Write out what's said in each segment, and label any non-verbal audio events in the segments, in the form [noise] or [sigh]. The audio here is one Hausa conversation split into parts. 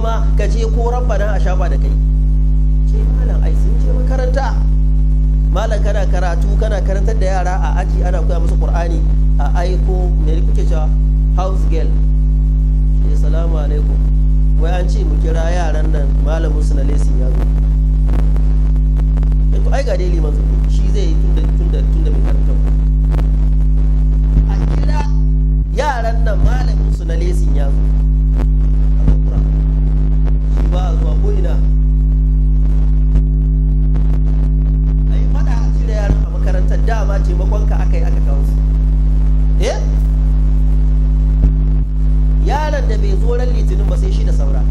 ma ka ce ko rabbana a shafa da kai ce malam ai sun je makaranta malam kana karatu kana karantar da yara a aji ana koya musu qur'ani a aiko me kuke cewa house girl ce eh, salamu alaikum wai an ce mu kira yaran nan malamin su na lesin ya zo to ai ga dai liman shi zai yi tunda tunda mai karanta yaran nan malamin su na lesin ya zo ba ina a yi fada a cire yaran a makarantar dama makonka aka yi aka kawo su eh yaron da bai zo ran litinin ba sai shi da saura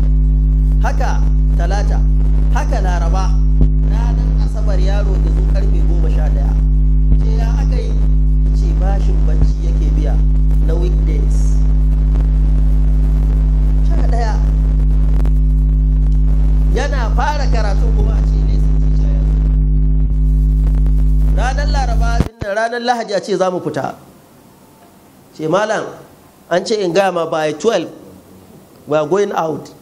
haka talata haka laraba ranar asabar yaro da zo karfe goma sha ɗaya. ce ya aka yi ce bashin bacci yake biya na weekdays sha ɗaya yana fara karatu kuma a ce ne ranar laraba dinnan ranar lahaji a ce za mu fita ce malam an ce in gama by 12 we are going out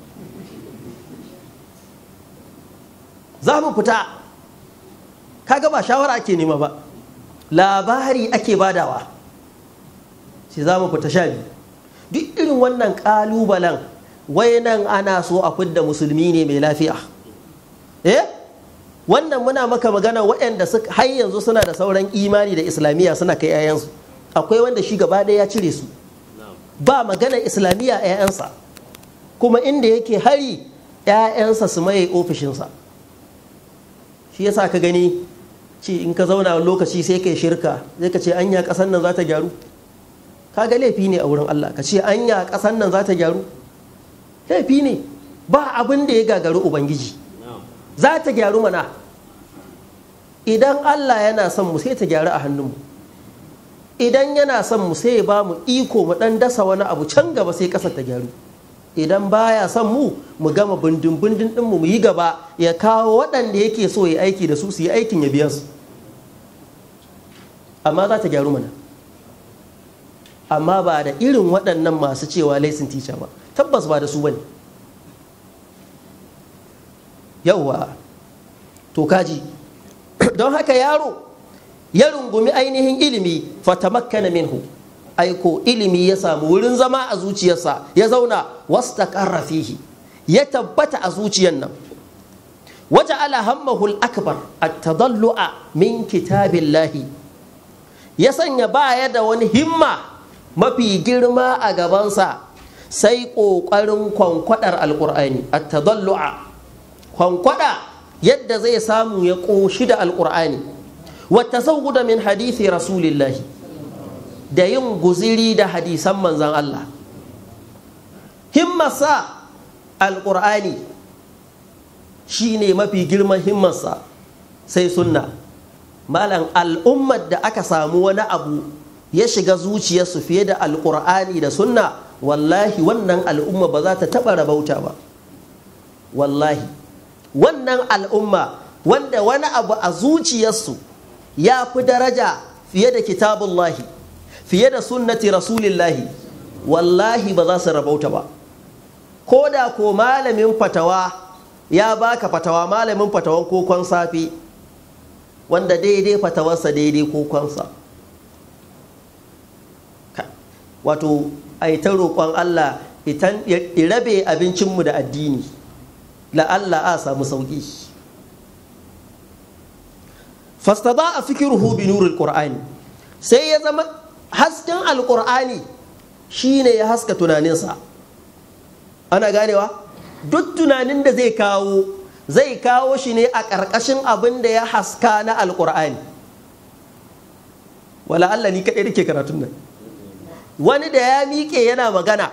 za mu fita kaga ba shawara ake nema ba labari ake badawa sai za mu fita sha biyu duk irin wannan kalubalen wai nan ana so a kudda musulmi ne mai lafiya eh wannan muna maka magana waɗanda har yanzu suna da sauran imani da islamiyya suna kai 'ya'yansu akwai wanda shi gaba ɗaya ya cire su ba magana islamiyya 'ya'yansa kuma inda yake hari 'ya'yansa su maye ofishinsa shi yasa ka gani ce in ka zauna lokaci sai kai shirka zai ka ce anya ƙasar nan za ta gyaru ka ga laifi ne a wurin Allah ka ce anya ƙasar nan za ta gyaru laifi ne ba abin da ya gagari ubangiji za ta gyaru mana idan allah yana son mu sai ta gyaru a hannunmu idan yana son mu sai ba mu iko mu dan dasa wani abu can gaba sai kasar ta gyaru idan baya son mu mu gama bindin bindin din mu yi gaba ya kawo waɗanda yake so ya aiki da su su yi aikin ya biya su amma za ta gyaru mana amma ba da irin waɗannan masu cewa laisin tica ba tabbas ba da su bane yawwa to kaji [coughs] don haka yaro ya rungumi ainihin ilimi fatamakkana minhu aiko ilimi ya samu wurin zama a zuciyarsa ya zauna wastaqarra fihi ya tabbata a zuciyar nan waja'ala hammahu al-akbar at-tadallu'a min kitabillahi ya sanya baya da wani himma mafi girma a gabansa sai ƙoƙarin kwankwadar alƙur'ani a tadallua kwankwada yadda zai samu ya ƙoshi da alƙur'ani wata sauƙuda min hadithi rasulillahi da yin guziri da hadisan manzan Allah himmarsa alƙur'ani shi ne mafi girman himmarsa sai sunna malam al'ummar da aka samu wani abu ya shiga zuciyarsu fiye da alkur'ani da sunna wallahi wannan al'umma ba za ta taɓa rabauta ba wallahi wannan al'umma wanda wani abu a zuciyarsu ya fi daraja fiye da kitabullahi fiye da sunnati rasulillahi wallahi ba za su rabauta ba ko da ko malamin fatawa ya baka fatawa malamin fatawan kokon safe wanda daidai fatawarsa daidai kokonsa wato a yi ta roƙon Allah ya rabe abincinmu da addini la'alla a samu sauƙi za a fikiruhu bi nurul qur'ani sai ya zama hasken shi shine ya haska tunaninsa ana ganewa duk tunanin da zai kawo zai kawo shi ne a ƙarƙashin abin da ya haska na Alƙur'ani. wala'alla ni kaɗai da ke karatun nan wani da ya miƙe yana magana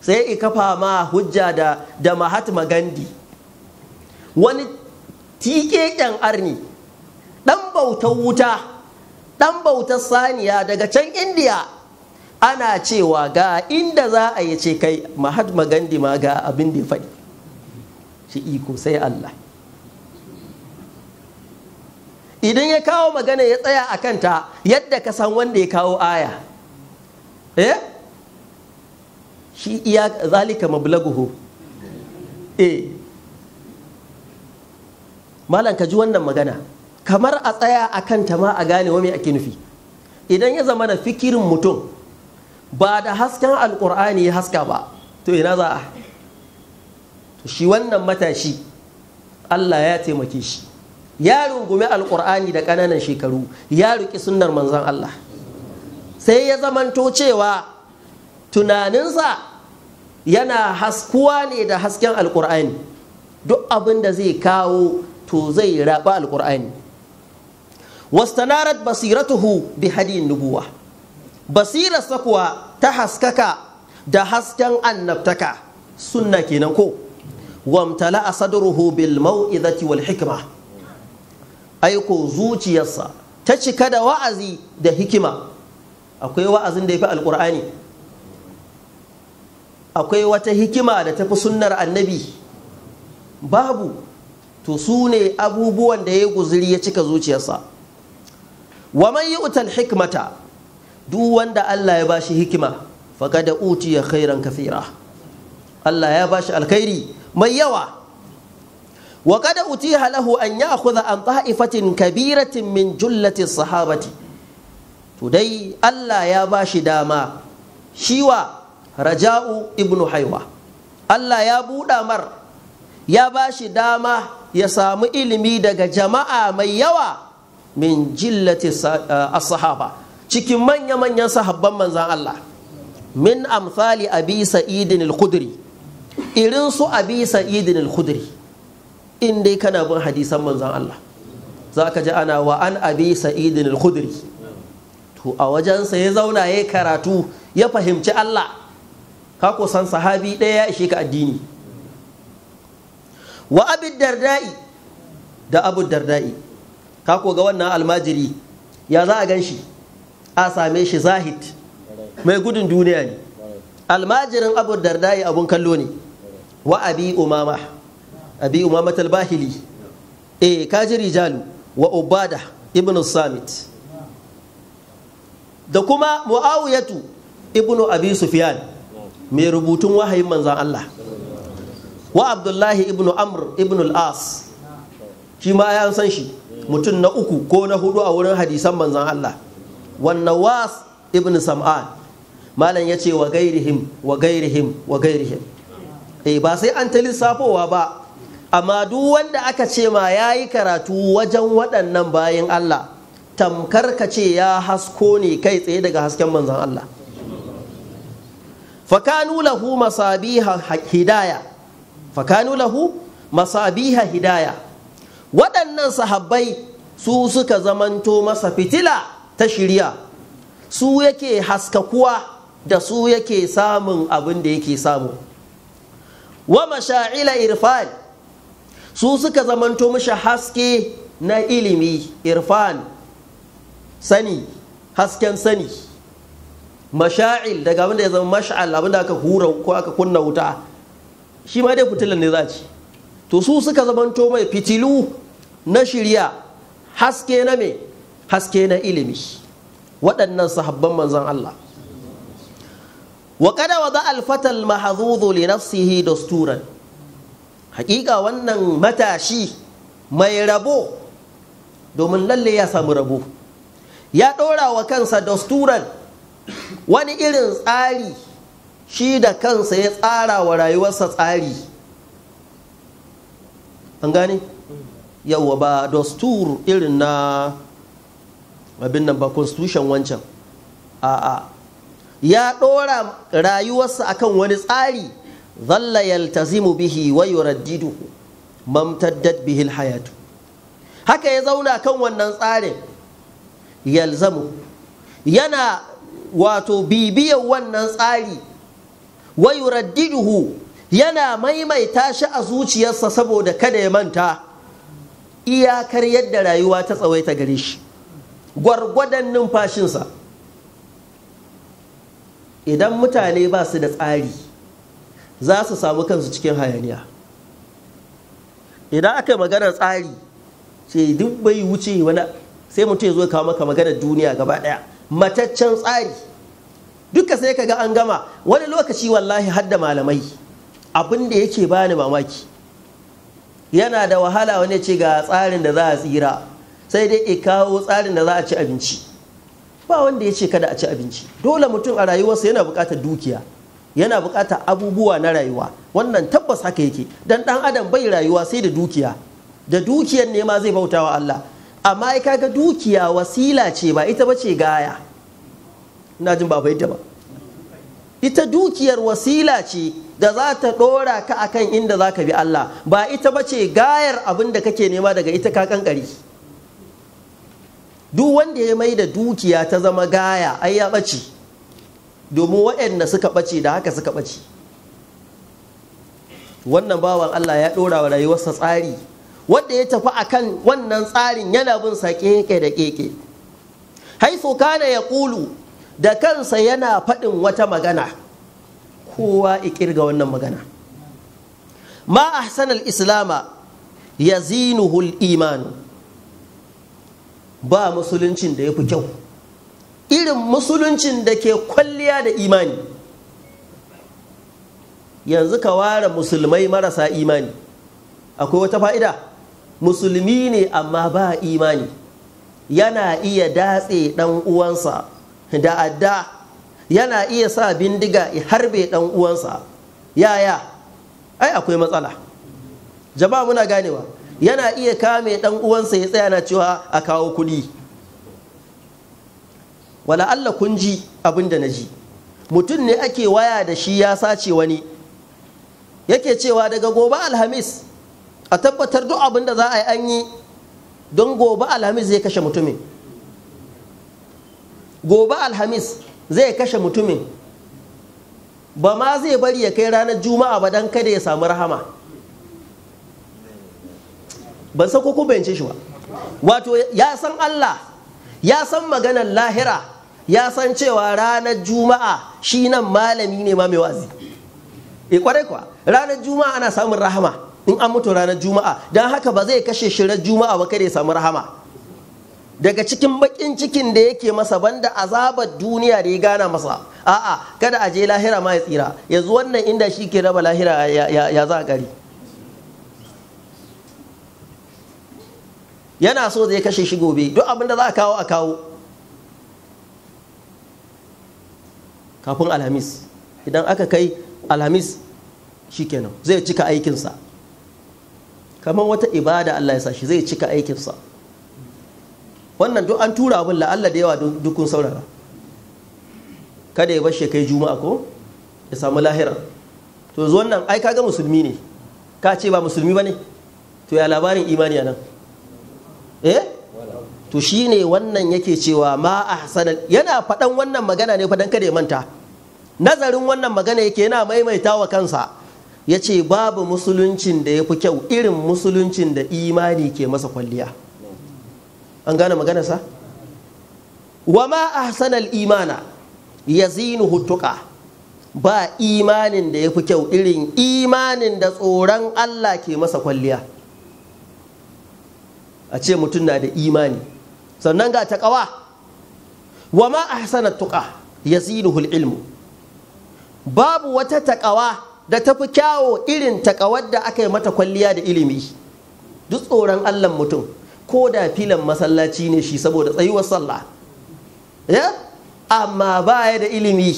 sai i kafa ma hujja da da mahatma gandhi wani tiƙeƙen arni ɗan bautar wuta ɗan bautar saniya daga can indiya ana cewa ga inda za a yi ce kai mahatma gandhi ma ga abin da ya faɗi shi iko sai allah idan ya kawo magana ya tsaya a kanta yadda ka san wanda ya kawo aya eh shi iya zalika mablaguhu eh malam ka ji wannan magana kamar a tsaya a kan ta ma a gane wa mai ake nufi idan ya zama na fikirin mutum ba da hasken alkur'ani ya haska ba to ina za a to shi wannan matashi Allah ya taimake shi ya rungumi alkur'ani da ƙananan shekaru ya riƙi sunnar manzon Allah sai ya zamanto cewa tunaninsa yana haskuwa ne da hasken alkur'ani duk abin da zai kawo to zai raba alkur'ani wastanarat basiratuhu bi hadin nubuwa basirarsa kuwa ta haskaka da hasken annabtaka sunna kenan ko wamtala a sadruhu bil mau'izati wal hikima. aiko zuciyarsa ta cika da wa'azi da hikima akwai wa'azin da ya fi alƙur'ani akwai wata hikima da ta fi sunnar annabi babu to su ne abubuwan da ya guziri ya cika zuciyarsa wa man yu'tal hikmata duk wanda Allah ya bashi hikima faqad utiya khairan kathira Allah ya bashi alkhairi mai yawa wa qad utiya halahu an ya'khudha an ta'ifatin kabiratin min jullati sahabati to dai Allah ya ba shi dama shiwa raja'u ibnu haiwa Allah ya buɗa mar ya ba shi dama ya samu ilimi daga jama'a mai yawa min jillati eh, as-sahaba cikin manya-manyan sahabban manzan Allah min amsali abi sa'idin al-khudri irin su abi sa'idin al-khudri in dai kana bin hadisan manzan Allah za ka ji ana wa an abi sa'idin al-khudri to a wajensa ya zauna ya karatu ya fahimci Allah ka san sahabi ɗaya ya ishe ka addini wa abin darda'i da abu darda'i ka ga wannan almajiri ya za a gan shi a same shi zahid mai gudun duniya ne almajirin abu darda'i abun kallo ne wa abi umama abi umama talbahili eh kaji Jalu wa ubada ibn samit da kuma mu'awiyatu ibnu abi sufyan mai rubutun wahayin manzan Allah wa abdullahi ibnu amr ibnu al shi ma ya san shi mutum na uku ko na hudu a wurin hadisan manzan Allah wannan was ibnu sam'an malam ya ce wa gairihim wa gairihim wa gairihim eh ba sai an ta lissafowa ba amma duk wanda aka ce ma yayi karatu wajen waɗannan bayan Allah tamkar ka ce ya hasko ne kai tsaye daga hasken manzon Allah fakanu lahu masabiha hidaya fakanu lahu masabiha hidaya waɗannan sahabbai su suka zamanto masa fitila ta shirya su yake haskakuwa da su yake samun abin da yake samu wa masha'ila irfan su suka zamanto mashi haske na ilimi irfan sani hasken sani masha'il daga abinda ya zama mash'al abinda aka hura ko aka kunna wuta shi ma dai fitilan ne za ci to su suka zamanto mai fitilu na shirya haske na me haske na ilimi waɗannan sahabban manzan Allah wa kada wa za alfatal mahazuzu li nafsihi dasturan hakika wannan matashi mai rabo domin lalle ya samu rabo ya ɗora wa kansa dasturan wani irin tsari shi da kansa ya tsara wa rayuwarsa tsari an gane yauwa ba dastur irin na abin nan ba constitution wancan a'a ya ɗora rayuwarsa akan wani tsari zalla yaltazimu bihi wa yuraddiduhu mamtaddat bihi hayatu haka ya zauna kan wannan tsarin yalzamu yana wato bibiyar wannan tsari wa yuraddiduhu yana maimaita shi a zuciyarsa saboda kada ya manta iyakar yadda rayuwa ta tsawaita gare shi gwargwadon numfashinsa idan mutane ba su da tsari za su samu kansu cikin hayaniya idan aka yi maganar tsari ce duk bai wuce wani sai mutum ya zo kawo maka maganar duniya gaba ɗaya mataccen tsari duka sai ka ga an gama wani lokaci wallahi hadda malamai abin da yake bani mamaki yana da wahala wani ce ga tsarin da za a tsira sai dai ya kawo tsarin da za a ci abinci ba wanda ya ce kada a ci abinci dole mutum a rayuwarsa yana buƙatar dukiya yana buƙatar abubuwa na rayuwa wannan tabbas haka yake dan ɗan adam bai rayuwa sai da dukiya da dukiyar ne ma zai wa Allah amma ai kaga dukiya wasila ce ba ita ba ce gaya ina jin ba fahimta ba ita dukiyar wasila ce da za ta ɗora ka akan inda za ka bi Allah ba ita ba ce gayar abin da kake nema daga ita ka kankari duk wanda ya mai da dukiya ta zama gaya ai ya ɓace domin waɗanda suka ɓace da haka suka ɓace wannan bawan Allah ya ɗora wa rayuwarsa tsari wanda ya tafi akan wannan tsarin yana bin sa keke da keke haifu kana ya kulu da kansa yana faɗin wata magana kowa ikirga wannan magana ma ahsanal islama ya zinuhul imanu ba musuluncin da ya fi kyau irin musuluncin da ke kwalliya da imani yanzu ka ware musulmai marasa imani akwai wata fa'ida musulmi ne amma ba imani yana iya datse ɗan uwansa da adda yana iya sa bindiga i harbe ɗan uwansa yaya ai akwai matsala jama'a muna ganewa yana iya kame ɗan uwansa ya tsaya na cewa a kawo kuɗi wala Allah kun ji abin da na ji mutum ne ake waya da shi ya sace wani yake cewa daga gobe alhamis a tabbatar duk abin da za a yi an yi don gobe alhamis zai kashe mutumin gobe alhamis zai kashe mutumin ba ma zai bari ya kai ranar juma'a ba don kada ya samu rahama ban san ko bayance shi ba wato ya san allah ya san maganar lahira ya san cewa ranar juma'a shi nan malami ne ma mai wazi e eh, kwarai kuwa ranar juma'a ana samun rahama in an mutu ranar juma'a don haka ba zai kashe shi ranar juma'a ba kada ya samu rahama daga cikin bakin cikin da yake masa banda azabar duniya da ya gana masa a'a kada a je lahira ma ya tsira yanzu wannan inda shi ke raba lahira ya za gari yana so zai kashe shi gobe duk abin da za a kawo a kawo kafin alhamis idan aka kai alhamis shikenan zai cika aikinsa kamar wata ibada Allah ya sashi zai cika aikinsa wannan duk an tura abin la'alla da yawa dukun saurara kada ya bashe kai juma'a ko ya samu lahira to yanzu wannan ai kaga musulmi ne ka ce ba musulmi ba ne to ya labarin imani a nan eh to shi ne wannan yake cewa ma ahsanal yana faɗan wannan magana ne faɗan kada ya manta nazarin wannan magana yake yana maimaita wa kansa ya ce babu musuluncin da ya fi kyau irin musuluncin da imani ke masa kwalliya an gane maganarsa wa ma a ahsanal imana ya zinu hutuka ba imanin da ya fi kyau irin imanin da tsoron Allah ke masa kwalliya a ce mutum na da imani sannan ga taƙawa wa ma a tuka ya zini ilmu babu wata taƙawa da tafi kyawo irin takawar da aka yi mata kwalliya da ilimi duk tsoron allah mutum ko da filan masallaci ne shi saboda tsayuwar sallah ya amma baya da ilimi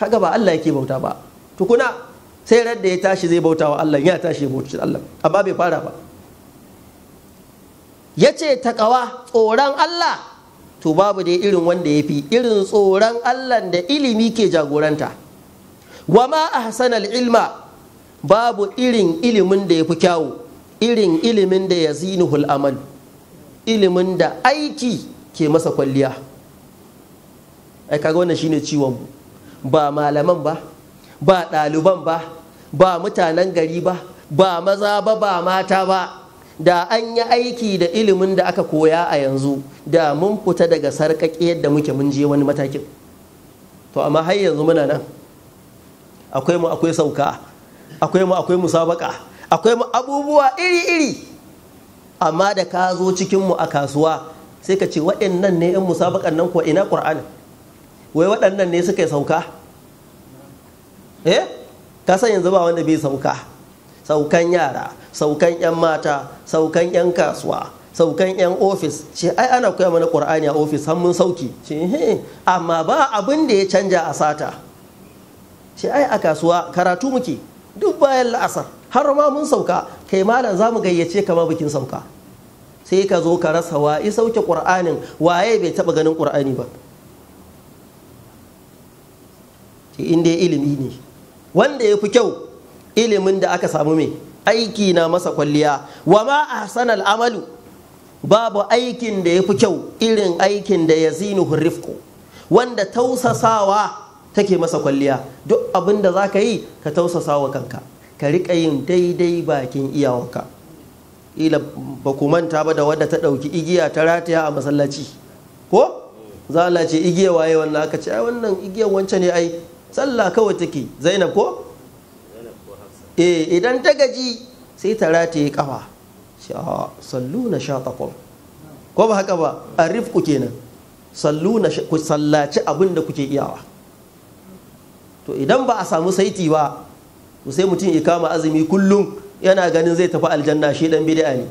kaga ba allah yake bauta ba tukuna sai rar da ya tashi zai bauta wa allah ya tashi ya bauta allah amma bai fara ba ya ce takawa tsoron allah to babu da irin wanda ya fi irin tsoron allah da ilimi ke jagoranta wa ma ahsanal ilma babu irin ilimin da ya fi kyawu irin ilimin da ya zinuhul amal ilimin da aiki ke masa kwalliya ai kaga wannan shine ciwon mu ba malaman ba ba ɗaliban ba ba mutanen gari ba ba maza ba ba mata ba da an yi aiki da ilimin da aka koya a yanzu da mun fita daga sarƙaƙe yadda muke mun je wani matakin to amma har yanzu muna nan akwai mu akwai sauka akwai mu akwai musabaka akwai mu abubuwa iri-iri amma da ka zo cikin mu a kasuwa sai ka ce waɗannan ne 'yan musabakan nan ko ina ƙur'ani wai waɗannan ne suka yi sauka eh ka san yanzu ba wanda bai sauka saukan yara saukan 'yan mata saukan 'yan kasuwa saukan 'yan ofis ce ai ana koya mana ƙur'ani a ofis har mun sauki ce eh, eh. amma ba abin da ya canja a sata ce ai a kasuwa karatu muke duk bayan la'asar har ma mun sauka kai malam za mu gayyace ka bikin sauka sai ka zo ka rasa wa sauke ƙur'anin waye bai taɓa ganin ƙur'ani ba ce in dai ilimi ne wanda ya fi kyau ilimin da aka samu mai aiki na masa kwalliya wa ma a sanar amalu babu aikin da ya fi kyau irin aikin da ya zinu rifku wanda tausasawa take masa kwalliya duk abin da za ka yi ka tausasa wa kanka ka riƙa yin daidai bakin iyawanka ila ba ku manta ba da wadda ta ɗauki igiya ta rataya a masallaci ko za a lace igiya waye wannan aka ce ai wannan igiyar wancan ne ai sallah kawai take zainab ko eh idan ta gaji sai ta rataye kafa ah, sallu na sha ko ba haka ba a rifku kenan sallu na ku sallaci abin da kuke iyawa to idan ba a samu saiti ba to sai mutum ya kama azumi kullum yana ganin zai tafi aljanna shi dan bid'a ne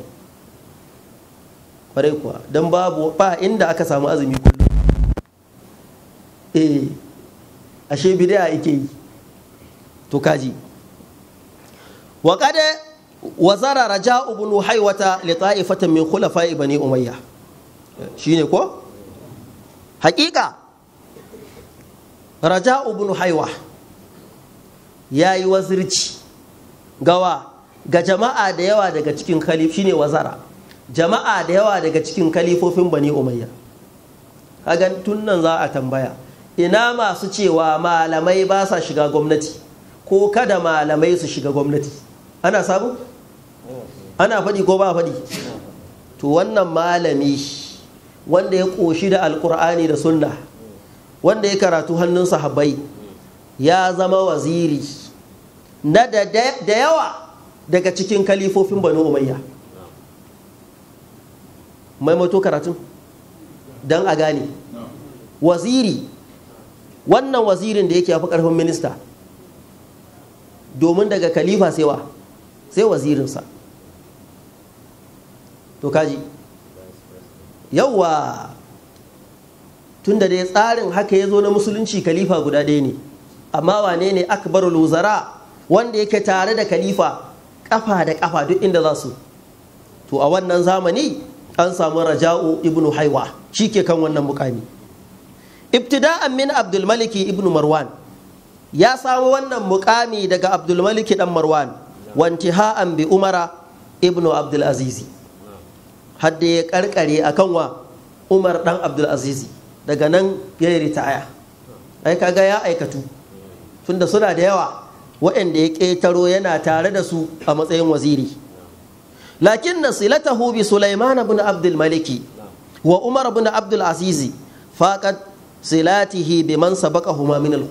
kwarai kuwa dan babu ba inda aka samu azumi kullum eh ashe bid'a yake yi to kaji wa wa zara raja'u ibn haywata li ta'ifatan min khulafa'i bani umayya shine ko hakika raja'u ibn haywata ya yi wazirci gawa ga jama'a da yawa daga cikin kalif shine wazara jama'a da yawa daga cikin kalifofin bani umayya hagan tun nan za a tambaya ina masu cewa malamai ba sa shiga gwamnati ko kada malamai su shiga gwamnati ana sabu ana faɗi ko ba faɗi to wannan malami wanda ya ƙoshi da alƙur'ani da sunna wanda ya karatu hannun sahabbai ya zama waziri na da yawa daga cikin kalifofin banu umayya maimaito karatun don a gane waziri wannan wazirin da yake yafi karfin minista domin daga kalifa saiwa sai wazirinsa to kaji yawwa tun da dai tsarin haka ya zo na musulunci kalifa guda ɗaya ne amma wane ne akbarul wuzara wanda yake tare da khalifa kafa da kafa duk inda za su to a wannan zamani an samu raja'u ibnu haiwa shi ke kan wannan mukami ibtida'an min abdulmaliki ibnu marwan ya samu wannan mukami daga abdulmaliki dan marwan wantiha'an bi umara ibnu abdulazizi hadda ya karkare a kanwa umar dan abdulazizi daga nan ya yi ritaya ai kaga ya aikatu tunda suna da yawa waɗanda ya ƙetaro yana tare da su a matsayin waziri lakin na silatahu hubi sulaiman bin abdul maliki wa umar bin abdul azizi faqad silatihi bi man huma min al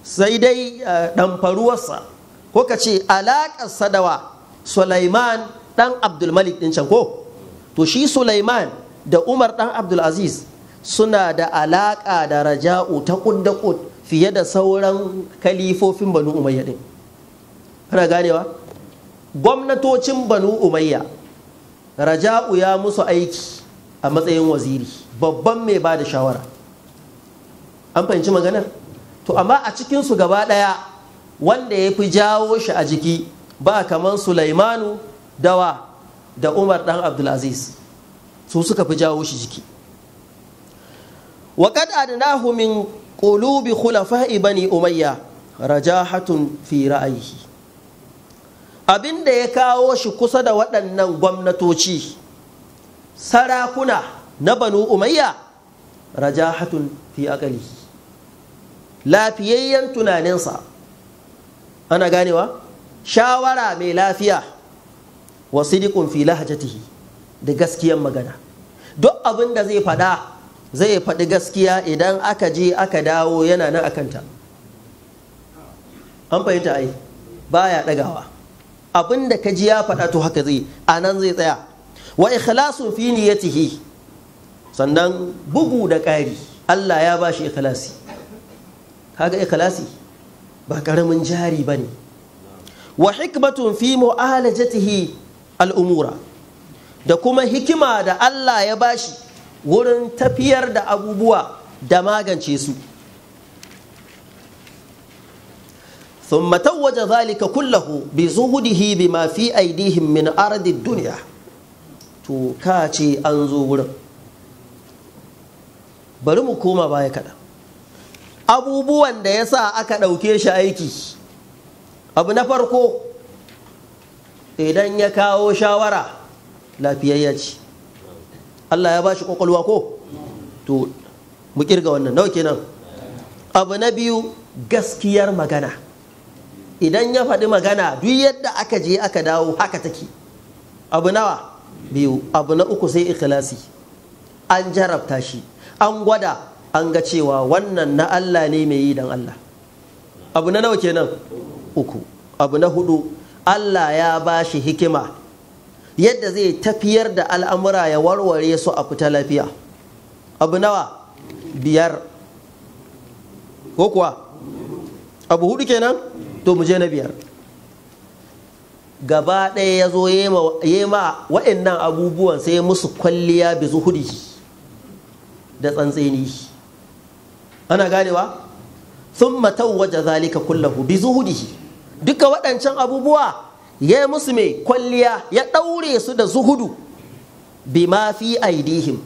sai dai ɗamfaruwarsa eh, ko ka ce alaƙar sadawa sulaiman dan abdul malik ɗin can ko to shi sulaiman da umar ɗan abdul aziz suna da alaƙa da raja'u ta ƙudda fiye da sauran kalifofin banu umayya din kana ganewa gwamnatocin banu umayya raja'u ya musu aiki a matsayin waziri babban mai ba da shawara an fahimci magana to amma a cikinsu gaba ɗaya wanda ya fi jawo shi a jiki ba kamar sulaimanu dawa da umar dan abdulaziz su suka fi jawo shi jiki waƙad adnahu min qulubi khulafa'i bani umayya hatun fi ra'ayi abin ya kawo shi kusa da waɗannan gwamnatoci sarakuna na banu umayya hatun fi akali lafiyayyen tunaninsa ana ganewa shawara mai lafiya Wasidiƙun sidikun fi lahajatihi da gaskiyan magana duk abin da zai faɗa zai faɗi gaskiya idan aka je aka dawo yana nan akanta an fahimta ai ya ɗagawa abin da ka ji ya faɗa to haka zai a nan zai tsaya wa ikhlasu fi niyyatihi sannan bugu da ƙari Allah ya ba shi ikhlasi kaga ikhlasi ba ƙaramin jari ba ne wa hikmatun fi mu'alajatihi al'umura da kuma hikima da Allah ya bashi wurin tafiyar da abubuwa da magance su ثم توج ذلك كله بزهده بما في أيديهم من أرض duniya. to ka ce an zo wurin bari mu koma baya kaɗan abubuwan da ya sa aka ɗauke shi aiki abu na farko idan ya kawo shawara lafiyayya ce Allah ya bashi kwakwalwa ko to mu kirga wannan nawa kenan abu na biyu gaskiyar magana idan ya faɗi magana duk yadda aka je aka dawo haka take abu nawa biyu abu na uku sai ikhlasi an jarabta shi an gwada an ga cewa wannan na Allah ne mai yi dan Allah abu na nawa kenan uku abu na hudu Allah ya ba shi hikima yadda zai tafiyar da al'amura ya warware su a fita lafiya abu nawa biyar ko kuwa abu hudu kenan to mu je na biyar gaba ɗaya ya zo yema wa'annan abubuwan sai musu kwalliya bi zuhudi da tsantseni ana ganewa sun matau waje zalika kullahu bi zuhudi duka waɗancan abubuwa ya yi musu mai kwalliya ya ɗaure su da zuhudu ma fi aidihim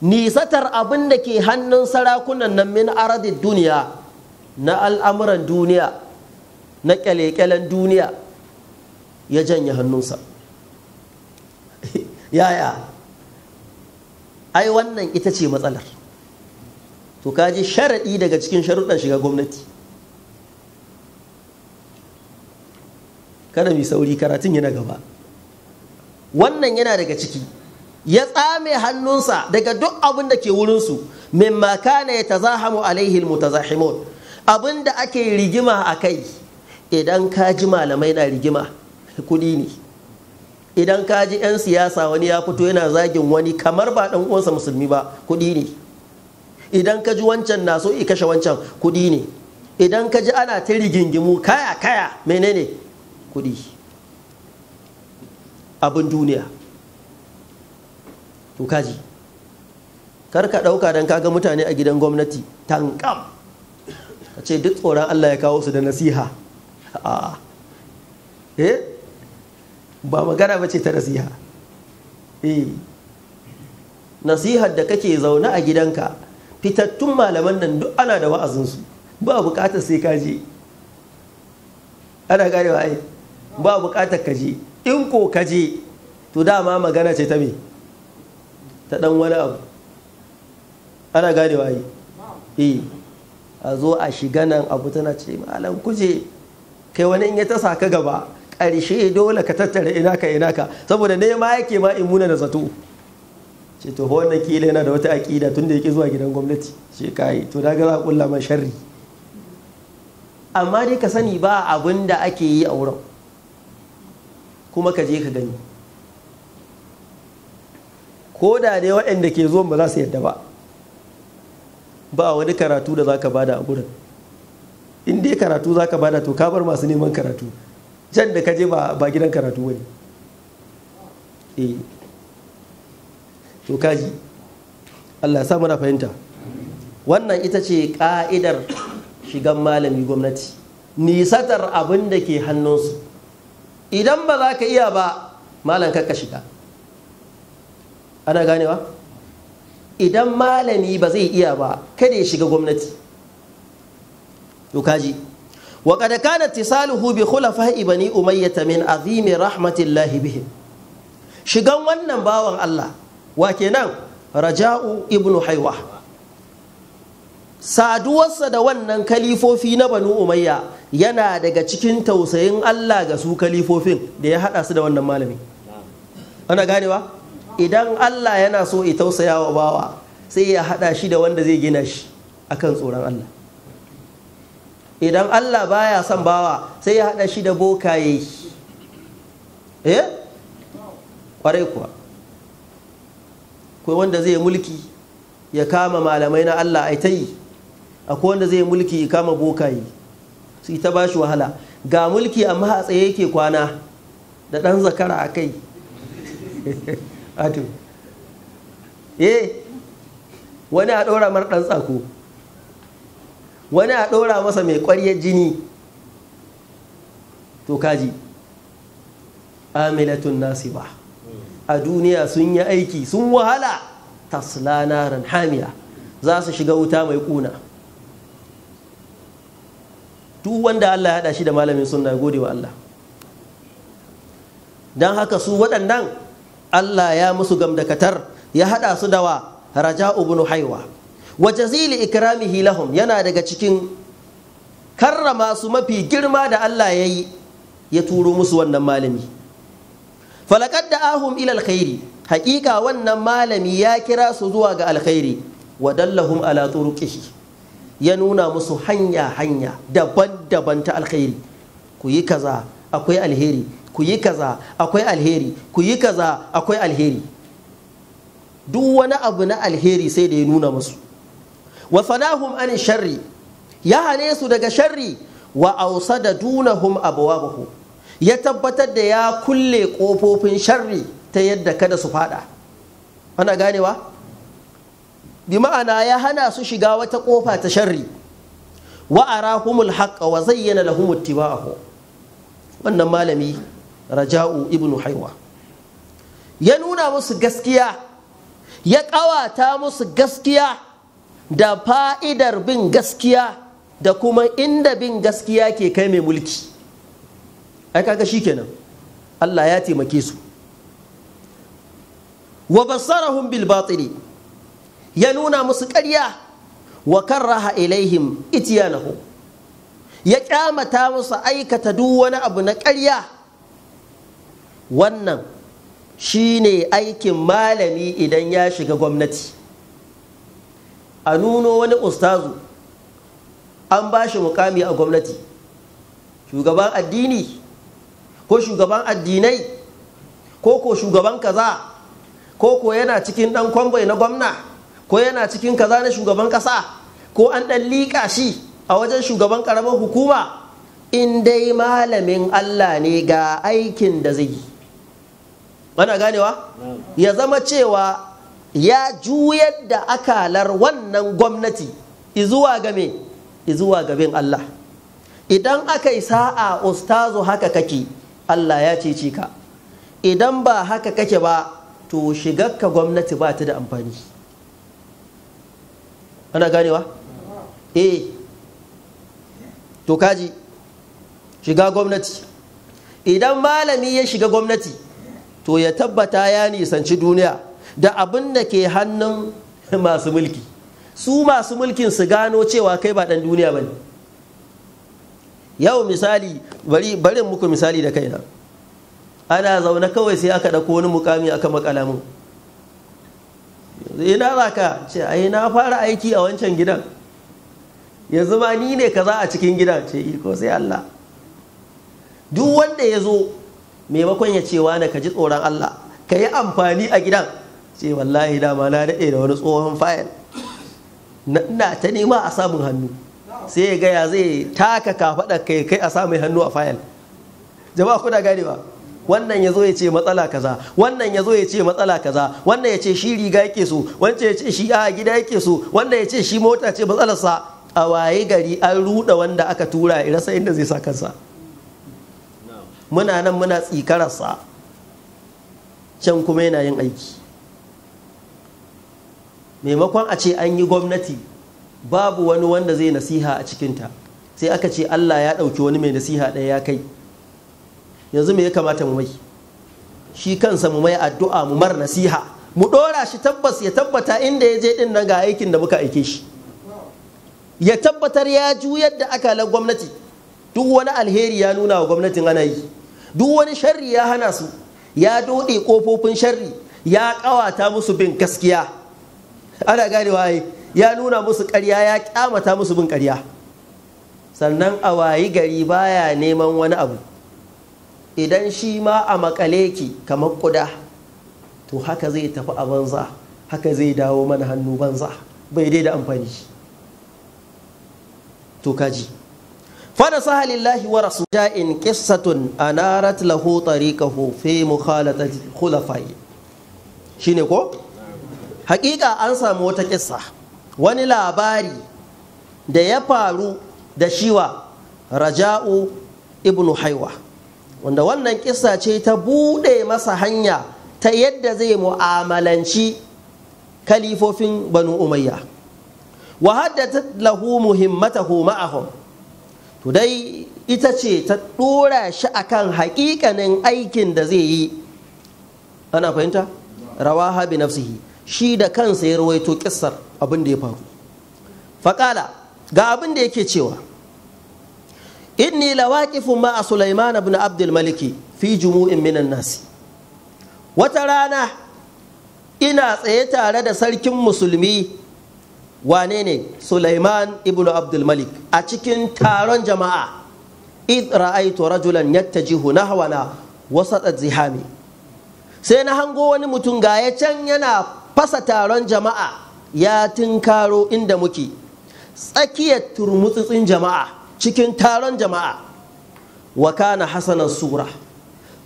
nisatar abin da ke hannun sarakunan nan min aradin duniya na al'amuran duniya na kyale duniya ya janye hannunsa [laughs] yaya ai wannan ita ce matsalar to kaji sharaɗi daga cikin sharuɗan shiga gwamnati kada mu sauri karatun yana gaba wannan yana daga ciki ya tsame hannunsa daga duk abin da ke wurinsu min makana ya tazahamu alaihi almutazahimun abin da ake rigima a kai idan ka ji malamai na rigima kudi ne idan ka ji 'yan siyasa wani ya fito yana zagin wani kamar ba ɗan uwansa musulmi ba kudi ne idan ka ji wancan na so i kashe wancan kudi ne idan ka ji ana ta rigingimu kaya kaya menene kuɗi abin duniya to kaji kar ka ɗauka don ga mutane a gidan gwamnati tankam ka ce duk tsoron allah ya kawo su da nasiha a eh ba magana ba ce ta nasiha eh nasihar da kake zaune a gidanka fitattun malaman nan duk ana da wa'azinsu ba bukatar sai kaji ana ganewa ai ba bukatar ka in ko ka je to dama magana ce ta me ta dan wani abu ana wa yi eh a zo a shiga nan abu tana ce malam kuje kai wani in ya tasa ka gaba ƙarshe dole ka tattara inaka-inaka. saboda ne ma yake ma imuna da zato ce to wannan kila yana da wata aƙida tun da yake zuwa gidan gwamnati ce kai to da ga za sharri amma dai ka sani ba abin da ake yi a wurin kuma ka je ka gani ko da dai waɗanda ke zuwan ba za su yadda ba ba wani karatu da za ka bada a gurin in dai karatu za ka bada to ka bar masu neman karatu jan da ka je ba gidan karatu wani e eh. to kaji Allah ya sa muna fahimta wannan ita ce ka'idar shigan malami gwamnati nisatar abin da ke hannunsu idan ba za ka iya ba malam kakka shiga ana ganewa idan malami ba zai iya ba kada ya shiga gwamnati to kaji wa kad kana tisaluhu bi khulafa ibani umayyah min azimi rahmatillahi bihim shigan wannan bawan Allah wa kenan raja'u ibnu haywa saduwarsa da wannan kalifofi na banu umayya yana daga cikin tausayin Allah ga su kalifofin da ya haɗa su da wannan malami ana ganewa idan Allah yana so ya tausaya wa bawa sai ya haɗa shi da wanda zai gina shi akan tsoron Allah idan Allah baya son bawa sai ya haɗa shi da bokaye eh kwarai kuwa ko wanda zai mulki ya kama malamai na Allah ai ta yi akwai wanda zai mulki ya kama bokaye su ita ba shi wahala ga mulki amma a tsaye yake kwana da ɗan zakara a kai [laughs] eh wani a ɗora mar ɗan tsako wani a ɗora masa mai ƙwaryar jini to kaji amilatun nasiba a duniya sun yi aiki sun wahala tasla naran hamiya za su shiga wuta mai ƙuna duk wanda Allah ya haɗa shi da malamin sunna gode wa Allah don haka su waɗannan Allah ya musu gamdakatar ya haɗa su da wa ubu ibn haiwa wa jazili ikramihi lahum yana daga cikin karrama su mafi girma da Allah ya yi ya turo musu wannan malami falakad da ahum ila khairi haƙiƙa wannan malami ya kira su zuwa ga alkhairi wa dallahum ala turuqihi ya nuna musu hanya hanya daban-daban ta alheri. ku yi kaza akwai alheri ku yi kaza akwai alheri ku yi kaza akwai alheri duk wani abu na alheri sai da ya nuna musu wa fanahum an sharri ya hane su daga sharri wa ausa da dunahum abawabahu ya tabbatar da ya kulle kofofin sharri ta yadda kada su fada ana ganewa bi ma'ana ya hana su shiga wata kofa ta sharri wa arahumul haqqa wa zayyana lahum ittiba'ahu wannan malami raja'u ibnu haiwa ya nuna musu gaskiya ya kawata musu gaskiya da fa'idar bin gaskiya da kuma inda bin gaskiya ke kai mai mulki ai kaga shikenan Allah ya taimake su wa basarahum bil batili ya nuna musu ƙarya wa karraha ilaihim itiyanahu ya kyamata musu aikata duk wani abu na ƙarya wannan shi ne aikin malami idan ya shiga gwamnati a nuno wani ustazu an ba shi mukami a gwamnati shugaban addini ko shugaban addinai ko ko shugaban kaza ko ko yana cikin ɗan kwambai na gwamna ko yana cikin kaza na shugaban kasa ko an ɗan liƙa shi a wajen shugaban ƙaramar hukuma in dai malamin Allah ne ga aikin da zai yi ana ganewa ya zama cewa ya juyar da akalar wannan gwamnati izuwa ga izuwa gabin Allah idan aka yi sa'a ustazu haka kake Allah ya ce ka idan ba haka kake ba to shigar ka gwamnati ba ta da amfani ana ganewa eh to kaji shiga gwamnati idan malami ya shiga gwamnati to ya tabbata ya nisanci duniya da abin da ke hannun [laughs] masu mulki su masu mulkin su gano cewa kai ba dan duniya bane yau misali bari barin muku misali da kaina ana zaune kawai sai aka ɗauko wani mukami aka makala mun ina za ka ce ai na fara aiki a wancan gidan yanzu ma ni ne kaza a cikin gidan ce iko sai Allah duk wanda ya zo maimakon ya cewa na ka ji tsoron Allah ka yi amfani a gidan ce wallahi dama na daɗe da wani tsohon fayil na ta nema a samun hannu sai ya gaya zai taka kafaɗa kai kai a samun hannu a fayil jama'a kuna ba. wannan ya zo ya ce matsala kaza wannan ya zo ya ce matsala kaza wannan ya ce shi riga yake so wancan ya ce shi a gida yake so wannan ya ce shi mota ce matsalarsa a waye gari an ruɗa wanda aka tura ya rasa inda zai sa kansa muna nan muna tsikararsa can kuma yana yin aiki maimakon a ce an yi gwamnati babu wani wanda zai nasiha a cikinta sai aka ce allah ya ɗauki wani mai nasiha ɗaya ya kai yanzu me ya kamata mu mai shi kansa mu mai addu'a mu mar nasiha mu dora shi tabbas ya tabbata inda ya je din nan ga aikin da muka aike shi ya tabbatar ya juyar da la gwamnati duk wani alheri ya nuna wa gwamnatin ana yi duk wani sharri ya hana su ya dode kofofin sharri ya kawata musu bin gaskiya ana ganewa ya nuna musu ƙarya ya kyamata musu bin ƙarya sannan a wayi gari baya neman wani abu idan shi ma a makale ki kamar kuda to haka zai tafi a banza haka zai dawo mana hannu banza bai dai da amfani to kaji fada sahalillahi wa rasu ja'in qissatun ka lahu tariqahu fi mukhalatati khulafai shine ko hakika an samu wata kissa wani labari da ya faru da shiwa raja'u ibnu haiwa wanda wannan kissa ce ta buɗe masa hanya ta yadda zai mu'amalanci kalifofin banu umayya wa haddata lahu muhimmatahu ma'ahum to dai ita ce ta ɗora shi akan haƙiƙanin aikin da zai yi ana fahimta rawaha bi nafsihi shi da kansa ya rawaito kissar abin da ya faru faƙala ga abin da yake cewa inni fun ma Sulaiman ibn Abdul Maliki fi in minan nasi wata rana ina tsaye tare da sarkin musulmi wane ne Sulaiman ibn Abdul Malik a cikin taron jama'a id ra'aytu rajulan yattajihu nahwana wasat zihami sai na hango wani mutum ga ya can yana fasa taron jama'a ya tinkaro inda muke tsakiyar turmutsutsin jama'a cikin taron jama'a wa kana hasanan sura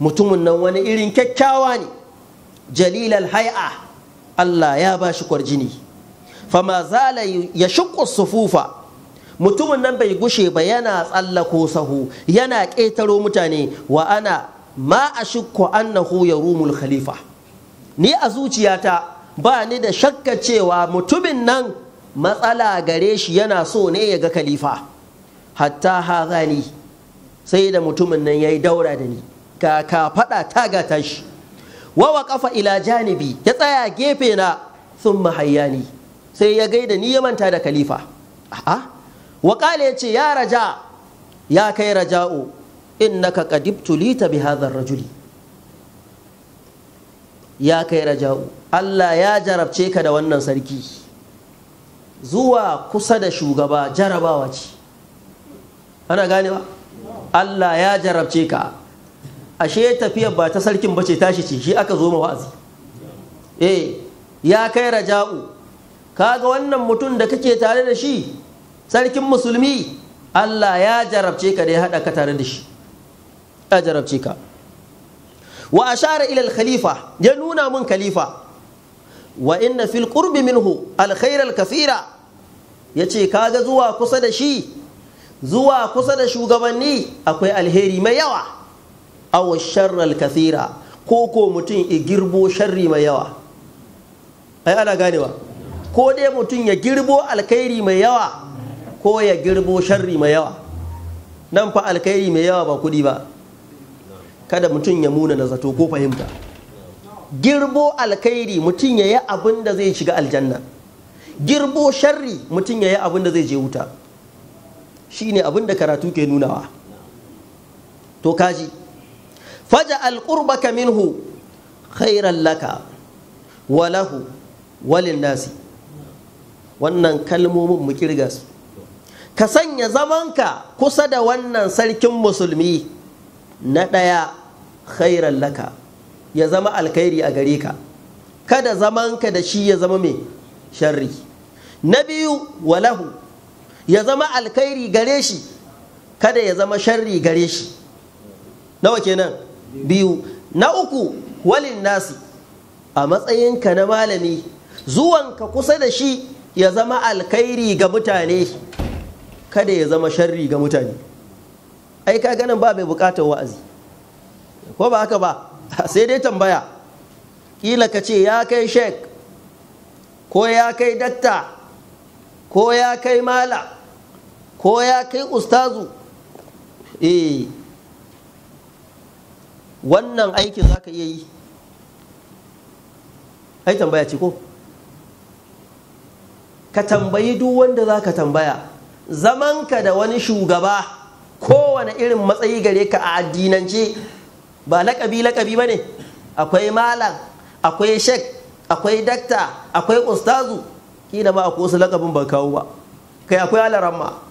mutumin nan wani irin kyakkyawa ne jalilal hai'a Allah ya ba shi kwarjini fama zala ya shukku sufufa mutumin nan bai gushe ba yana tsallako sahu yana ƙetaro mutane wa ana ma a shukku annahu ya rumul khalifa ni a zuciyata ba ni da shakka cewa mutumin nan matsala gare shi yana so ne ya ga khalifa hatta hazali sai da mutumin nan ya yi daura da ni ga ka faɗa ta ga tashi wawa kafa ila janibi ya tsaya gefe na sun mahayyani sai ya gaida ni ya manta da khalifa a'a wa ya ce ya raja ya kai raja'u innaka qadibtu li ta bi hadha rajuli ya kai raja'u Allah ya jarabce ka da wannan sarki zuwa kusa da shugaba jarabawa ce ana ganewa Allah ya jarabce ka ashe tafiyar ba ta sarkin bace tashi ce shi aka zo ma wa'azi eh ya kai raja'u kaga wannan mutum da kake tare da shi sarkin musulmi Allah ya jarabce ka da ya haɗa ka tare da shi ya jarabce ka wa ashara ila khalifa ya nuna mun khalifa wa inna fil qurbi minhu al-khair al-kathira yace kaga zuwa kusa da shi zuwa kusa da shugabanni akwai alheri mai yawa awa sharral kathira ko ko mutum ya girbo sharri mai yawa ai ana ganewa ko dai mutum ya girbo alkhairi mai yawa ko ya girbo sharri mai yawa nan fa alkhairi mai yawa ba kuɗi ba kada mutum ya muna na zato ko fahimta girbo alkhairi mutum ya yi abin da zai shiga aljanna girbo sharri mutum ya yi abin da zai je wuta shine abin da karatu ke nunawa to kaji faja alƙurbaka minhu khairan laka Walahu. walin nasi wannan kalmomin mu kirga su ka sanya zamanka kusa da wannan sarkin musulmi na ɗaya khairan laka ya zama alkhairi a gare ka kada zamanka da shi ya zama mai sharri na biyu walahu ya zama alkhairi gare shi kada ya zama sharri gare shi nawa kenan biyu na uku walin nasi a matsayinka na malami zuwanka kusa da shi ya zama alkhairi ga mutane kada ya zama sharri ga mutane ai ka ganin ba mai bukatar wa'azi ko ba haka ba [laughs] sai dai tambaya kila ka ce ya kai shek ko ya kai dakta ko ya kai mala ko ya kai ustazu eh wannan aikin za ka iya yi ai tambaya ce ko ka tambayi duk wanda za ka tambaya zamanka da wani shugaba kowane irin matsayi gare ka a addinance ba lakabi lakabi ba ne akwai malam akwai shek akwai dakta akwai ustazu kila ma akwai wasu lakabin ba kawo ba kai akwai alaramma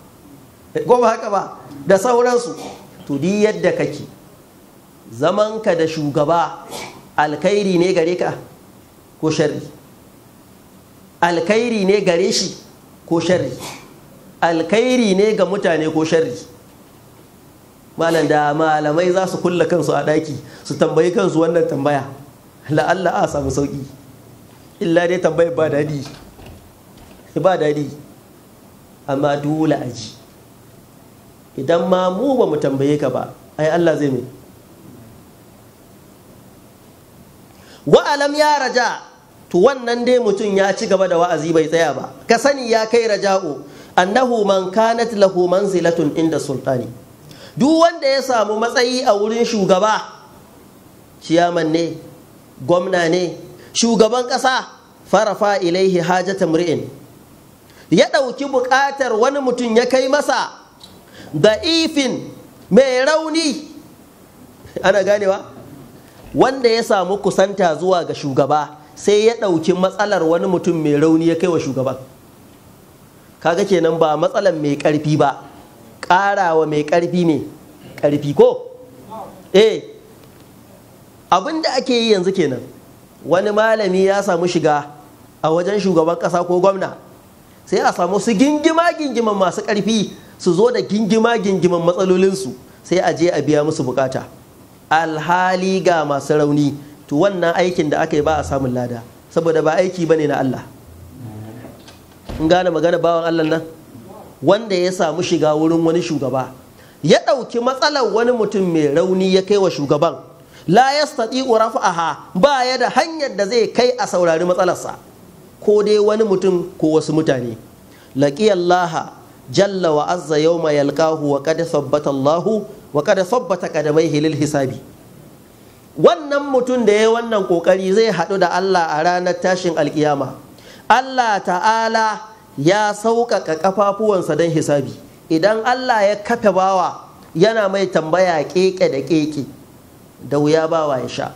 ko ba haka ba da sauransu to di yadda kake zamanka da shugaba alkhairi ne gare ka ko sharri alkhairi ne gare shi ko sharri alkhairi ne ga mutane ko sharri malam da malamai za su kulla kansu a daki su tambayi kansu wannan tambaya la'alla a samu sauƙi illa dai tambayar ba daɗi ba daɗi amma dole a ji idan ma mu ba mu tambaye ka ba ai Allah zai mai wa'alam ya raja to wannan dai mutum ya ci gaba da wa'azi bai tsaya ba ka sani ya kai raja'u annahu man kanat lahu manzilatun inda sultani duk wanda ya samu matsayi a wurin shugaba ciyaman ne gwamna ne shugaban ƙasa farafa ilaihi hajata mur'in ya ɗauki buƙatar wani mutum ya kai masa da'ifin mai rauni ana ganewa wanda ya samu kusanta zuwa ga shugaba sai ya ɗauki matsalar wani mutum mai rauni ya kai wa shugaban kaga kenan ba matsalar mai ƙarfi ba ƙarawa mai ƙarfi ne ƙarfi ko eh abin da ake yi yanzu kenan wani malami ya samu shiga a wajen shugaban ƙasa ko gwamna sai a samu su gingima gingiman masu ƙarfi su zo da gingima gingiman matsalolinsu sai a je a biya musu bukata alhali ga masu rauni to wannan aikin da aka yi ba a samun lada saboda ba aiki ba ne na Allah in gane magana bawan Allah nan wanda ya samu shiga wurin wani shugaba ya ɗauki matsalar wani mutum mai rauni ya kai wa shugaban la yastati fa'aha ba ya da hanyar da zai kai a saurari matsalarsa ko dai wani mutum ko wasu mutane laƙiyallaha jalla wa azza yawma yalkahu wa kada sabbata Allahu wa hisabi wannan mutum da ya yi wannan kokari zai haɗu da Allah a ranar tashin alkiyama Allah ta'ala ya sauƙaƙa ƙafafuwansa don hisabi idan Allah ya kafe bawa yana mai tambaya keke da keke da wuya bawa ya sha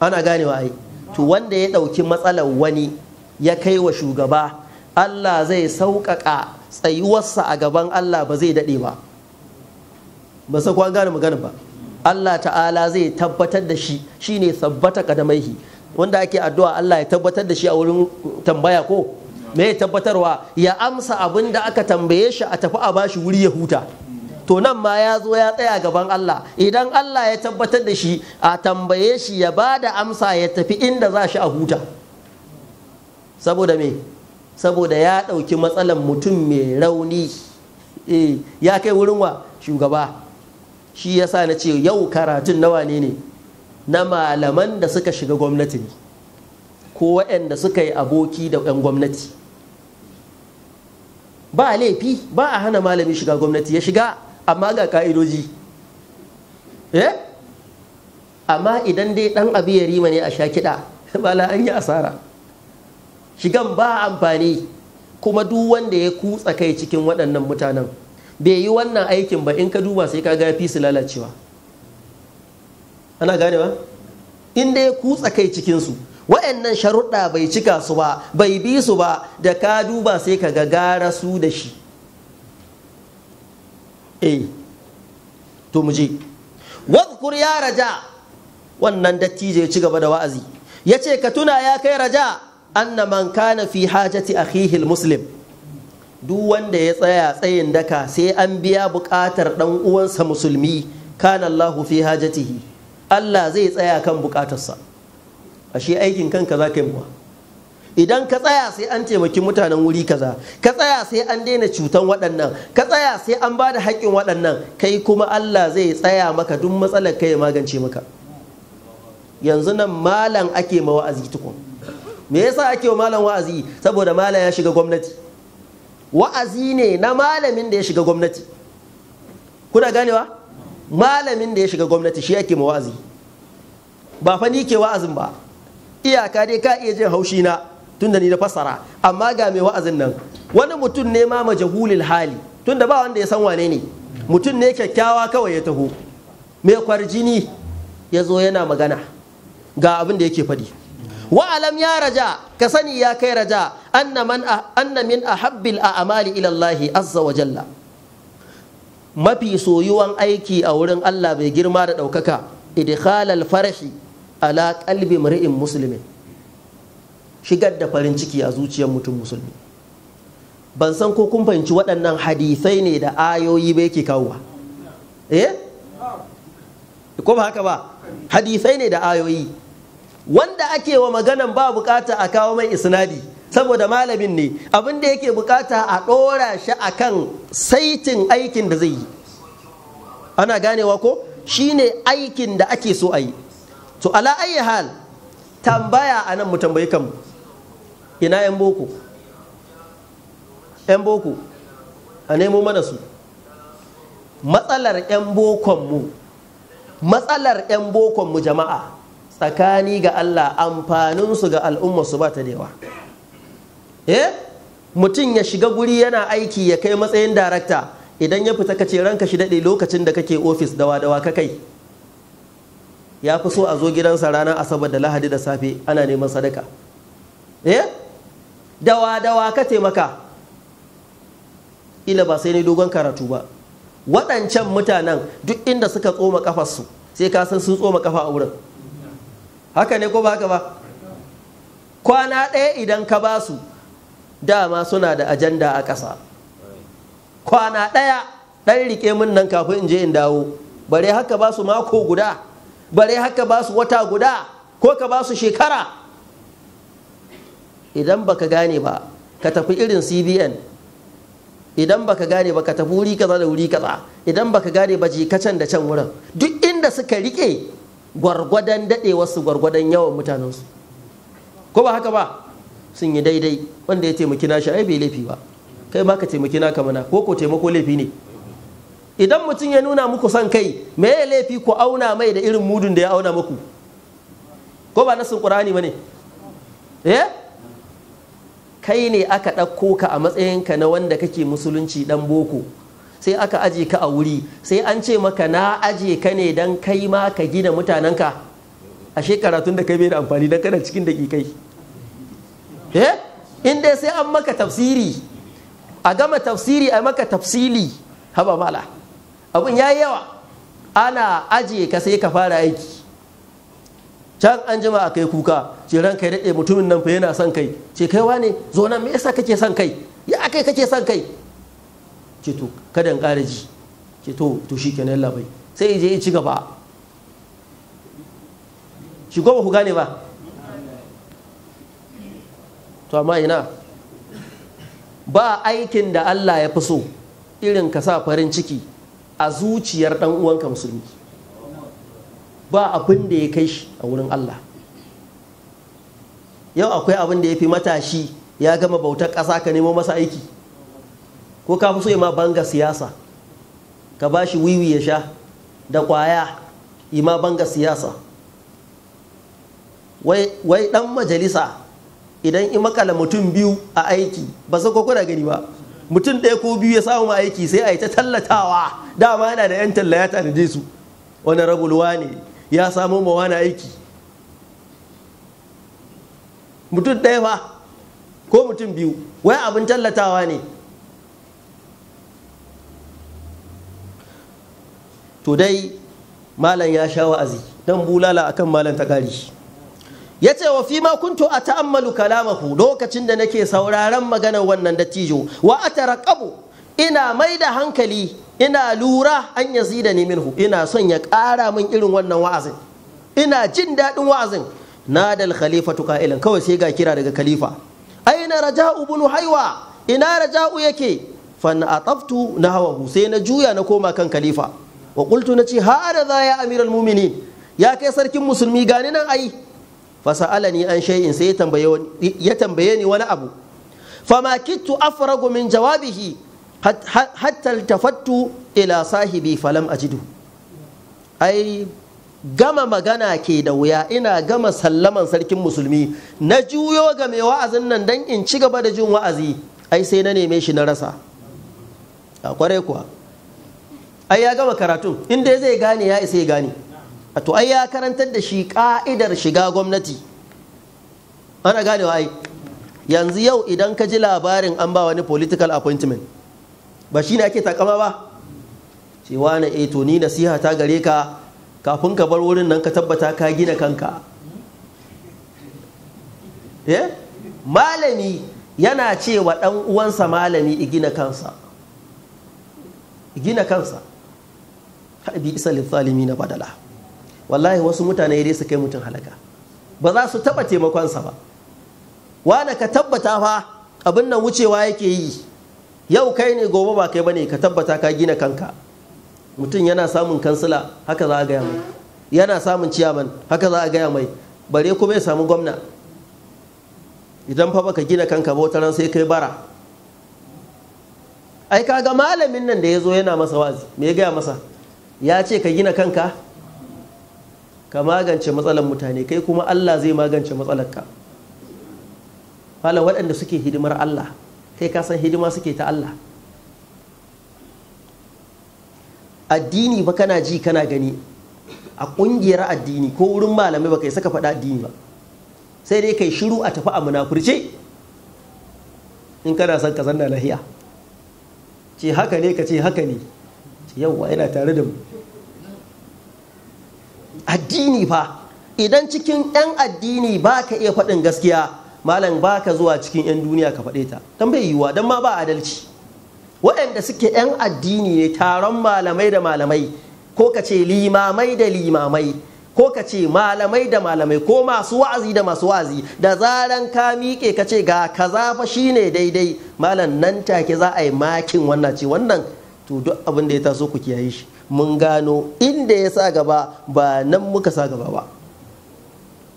ana ganewa ai to wanda ya ɗauki matsalar wani ya kai wa shugaba Allah zai sauƙaƙa tsayuwarsa a gaban Allah ba zai daɗe ba ba sa kwan gane magana ba Allah ta'ala zai tabbatar da shi shine sabbata kadamaihi wanda ake addu'a Allah ya tabbatar da shi a wurin tambaya ko me ya tabbatarwa ya amsa abin da aka tambaye shi a tafi a bashi wuri ya huta to nan ma ya zo ya tsaya gaban Allah idan Allah ya tabbatar da shi a tambaye shi ya ba da amsa ya tafi inda za shi a huta saboda me saboda ya ɗauki matsalan mutum mai rauni eh, ya kai wurin wa shugaba shi ya sa na ce yau karatun nawa ne ne na malaman da suka shiga gwamnati ne ko waɗanda suka yi aboki da 'yan gwamnati ba laifi ba a hana malami shiga gwamnati ya shiga amma ga ka'idoji eh amma idan dai ɗan abu ya rima ne a sha kiɗa [laughs] Bala an yi asara shigan ba amfani kuma duk wanda ya kutsa kai cikin waɗannan mutanen bai yi wannan aikin ba in ka duba sai ka ga su lalacewa ana gane ba inda ya kutsa kai cikinsu wa'annan sharuɗa bai cika su ba bai bi su ba da ka duba sai ka ga gara su da shi eh to mu je wadkur ya raja wannan dattijo ya ci gaba da wa'azi ya ce ka tuna ya kai raja anna man kana fi hajati akhihi muslim duk wanda ya tsaya tsayin daka sai an biya buƙatar ɗan uwansa musulmi kana Allahu fi hajatihi Allah zai tsaya kan buƙatarsa ashe aikin kanka za ka yi muwa idan ka tsaya sai an taimaki mutanen wuri kaza ka tsaya sai an daina cutan waɗannan ka tsaya sai an ba da haƙƙin waɗannan kai kuma Allah zai tsaya maka duk matsalar kai ya magance maka yanzu nan malam ake ma wa'azi tukun me yasa ake wa malam wa'azi saboda malam ya shiga gwamnati wa'azi ne na malamin da ya shiga gwamnati kuna ganewa malamin da ya shiga gwamnati shi ake ma wa'azi ba fa ni ke wa'azin ba iyaka dai ka iya jin haushi na tunda ni da fassara amma ga mai wa'azin nan wani mutum ne ma majahulil hali tunda ba wanda ya san wane ne mutum ne kyakkyawa kawai ya taho mai kwarjini ya zo yana magana ga abin da yake faɗi wa alam ya raja ka sani ya kai raja anna man ah, anna min ahabbil a'mali ila Allah azza wa jalla mafi soyuwan aiki a wurin Allah bai girma da ɗaukaka idkhal al farashi ala qalbi mar'in muslimin shigar da farin ciki a zuciyar mutum musulmi ban san ko kun fahimci waɗannan hadisai ne da ayoyi ba yake kawo eh ko ba haka ba hadisai ne da ayoyi wanda ake wa maganan ba bukata a kawo mai isnadi saboda malamin ne abin da yake bukata a ɗora shi akan saitin aikin da zai yi ana ganewa ko shine aikin da ake so a yi to ala ayi hal tambaya a nan mu tambayi kanmu ina 'yan boko 'yan boko a nemo mana su matsalar 'yan bokonmu matsalar 'yan bokonmu jama'a tsakani ga Allah amfaninsu ga al'umma su ba ta da yawa eh? mutum ya shiga guri yana aiki ya kai matsayin darakta idan ya fita kace ranka shi daɗe lokacin da kake ofis dawa dawa ka kai ya fi so a zo gidansa ranar asabar da lahadi da safe ana neman sadaka eh dawa dawa ka taimaka ila ba sai ne dogon karatu ba waɗancan mutanen duk inda suka tsoma kafarsu sai ka san sun tsoma kafa a wurin haka ne ko ba haka ba kwana ɗaya idan ka ba su dama suna da ajanda a ƙasa kwana ɗaya ɗan riƙe min nan kafin in je in dawo bare haka ba su mako guda bare haka ba su wata guda ko ka ba su shekara idan baka gane ba ka tafi irin cbn idan baka gane ba ka tafi wuri kaza da wuri kaza idan baka gane ba je ka can da can wurin duk inda suka rike gwargwadon daɗewarsu gwargwadon yawan mutanensu ko ba haka ba sun yi daidai wanda ya taimaki na ai bai laifi ba kai ma ka taimaki naka mana ko ko taimako laifi ne idan mutum ya nuna muku son kai me ya laifi ku auna mai da irin mudun da ya auna muku ko ba nasin qur'ani bane eh kai ne aka ɗauko ka a matsayinka na wanda kake musulunci dan boko sai aka aje ka a wuri sai an ce maka na aje ka ne don kai ma ka gina mutanenka a shekara tun da kai bai da amfani don kana cikin dakikai eh in dai sai an maka tafsiri a gama tafsiri a maka tafsili haba mala abin ya yi yawa ana aje ka sai ka fara aiki can an jima a kai kuka ce ran kai daɗe mutumin nan fa yana son kai ce kai wane zo me yasa kake son kai ya kai kake son kai ce to kada in ji ce to shi kenan labai sai je ya ci gaba shi goma ba ku gane ba to amma ina ba aikin da Allah ya fi so irin ka sa farin ciki a zuciyar dan uwanka musulmi ba abin da ya kai shi a wurin Allah yau akwai abin da ya fi matashi ya gama bautar ƙasa ka nemo masa aiki ko ka fi so ya ma banga siyasa ka ba shi wiwi ya sha da kwaya yi ma banga siyasa wai ɗan majalisa idan i makala mutum biyu a aiki ba su kwakwada gani ba mutum ɗaya ko biyu ya samu ma aiki sai a yi ta tallatawa dama yana da 'yan talla ya tanaje su wani rabulwa ne ya samu ma wani aiki mutum ɗaya ba ko mutum biyu wai abin tallatawa ne to dai malam ya sha wa'azi dan bulala akan malam ta kare ya ce wa fi ma kuntu a ta'ammalu kalamahu lokacin da nake sauraron maganar wannan dattijo wa ƙabu. ina mai da hankali ina lura an yazida ni minhu ina son ya ƙara min irin wannan wa'azin ina jin daɗin wa'azin Na nadal khalifatu qa'ilan kawai sai ga kira daga khalifa aina raja'u ibn haiwa ina raja'u yake fa na ataftu na sai na juya na koma kan khalifa wa qultu nace hada za ya amiral mu'minin ya kai sarkin musulmi gani nan ai fa sa'alani an shay'in sai ya tambaye ni wani abu fama kittu afragu min jawabihi hatta tafattu ila sahibi falam ajidu ai gama magana ke da wuya ina gama sallaman sarkin musulmi na juyo ga mai wa'azin nan dan in ci gaba da jin wa'azi ai sai na neme shi na rasa a kuwa ai ya gama karatun inda zai gane ya isa ya gane to ai ya karantar da shi ka'idar shiga gwamnati ana ganewa ai yanzu yau idan ka ji labarin an ba wani political appointment ba shi ne ake takama ba cewa na eto eh, ni nasiha ta gare ka kafin ka bar wurin nan ka tabbata ka gina kanka eh? malami yana cewa ɗan uwansa malami igina kansa igina kansa kai bi isa na badala wallahi wasu mutane dai su kai mutum halaka ba za su taba taimakonsa ba wanda ka tabbata fa abin nan wucewa yake yi yau kai ne gobe ba kai bane ka tabbata ka gina kanka mutum yana samun kansila haka za a gaya mai yana samun ciyaman haka za a gaya mai bare kuma ya samu gwamna idan fa baka gina kanka ba wata ran sai kai bara ai kaga malamin nan da ya zo yana masa wazi me ya gaya masa ya ce ka gina kanka ka magance matsalar mutane kai kuma Allah zai magance matsalarka malam waɗanda suke hidimar Allah kai ka san hidima suke ta Allah addini ba kana ji kana gani a ƙungiyar addini ko wurin malamai ba kai saka faɗa addini ba sai dai kai shiru a tafi a munafurce in kana son ka zanna lahiya ce haka ne ka ce haka ne yauwa yana tare da mu addini fa idan cikin 'yan addini ba ka iya faɗin gaskiya malam ba ka zuwa cikin 'yan duniya ka faɗe ta don bai yiwuwa don ma ba adalci waɗanda suke 'yan addini ne taron malamai da malamai ko ka ce limamai da limamai ko ka ce malamai da malamai ko masu wa'azi da masu wa'azi da zaran ka miƙe ka ce ga kaza fa shine daidai malam nan take za a yi makin wannan ce wannan to duk abin da ya taso ku kiyaye shi mun gano inda ya sa gaba ba nan muka sa gaba ba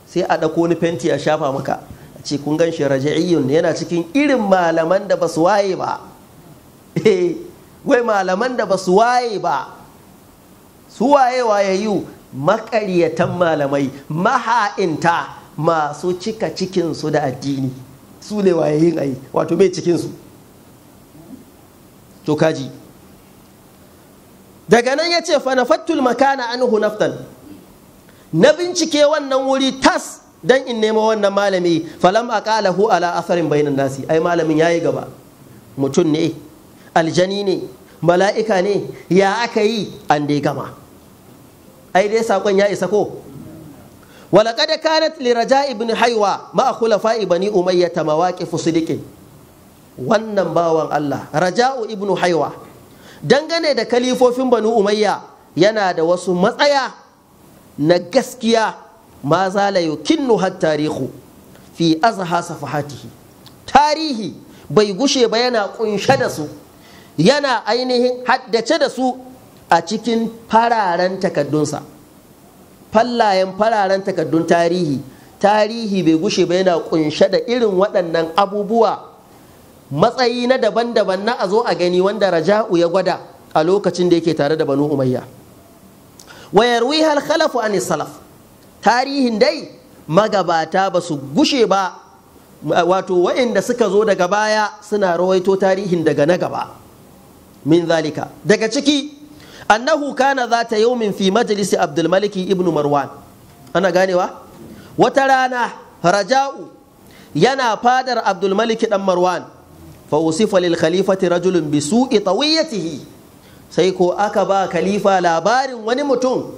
sai a ɗako ni fenti a shafa maka a ce kun gan shi raja'iyyun yana cikin irin malaman da ba su waye ba eh, wai malaman da ba su waye ba su waye wayayyu maƙaryatan malamai maha'inta masu cika cikinsu da addini su ne yin ai wato mai cikinsu to kaji daga nan ya ce fanafattul makana anhu naftan na bincike wannan wuri tas dan in nemo wannan malami falam aqalahu ala asarin bainan nasi ai malamin yayi gaba mutum ne aljani ne mala'ika ne ya aka yi an dai gama ai dai sakon ya isa ko ولقد كانت لرجاء بن حيوى مع خلفاء بني أمية مواقف صدق wannan bawan Allah raja'u ibnu haiwa dangane da kalifofin banu umayya yana da wasu matsaya na gaskiya ma zala yukinnu har tarihu fi azha safahatihi tarihi bai gushe ba yana kunshe da su yana ainihin haddace da su a cikin fararen takaddunsa fallayen fararen takaddun tarihi tarihi bai gushe ba yana kunshe da irin waɗannan abubuwa matsayi na daban-daban na a zo a gani wanda raja'u ya gwada a lokacin da yake tare da banu umayya wa yarwiha al-khalafu an salaf tarihin dai magabata ba su gushe ba wato wa'inda suka zo daga baya suna rawaito tarihin daga na gaba min zalika daga ciki annahu kana zata yaumin fi majalisi abdulmaliki Ibn marwan ana ganewa wata rana raja'u yana fadar abdulmaliki dan marwan Fausifalil usifa lil khalifati rajulun bi su'i tawiyatihi sai ko aka ba khalifa labarin wani mutum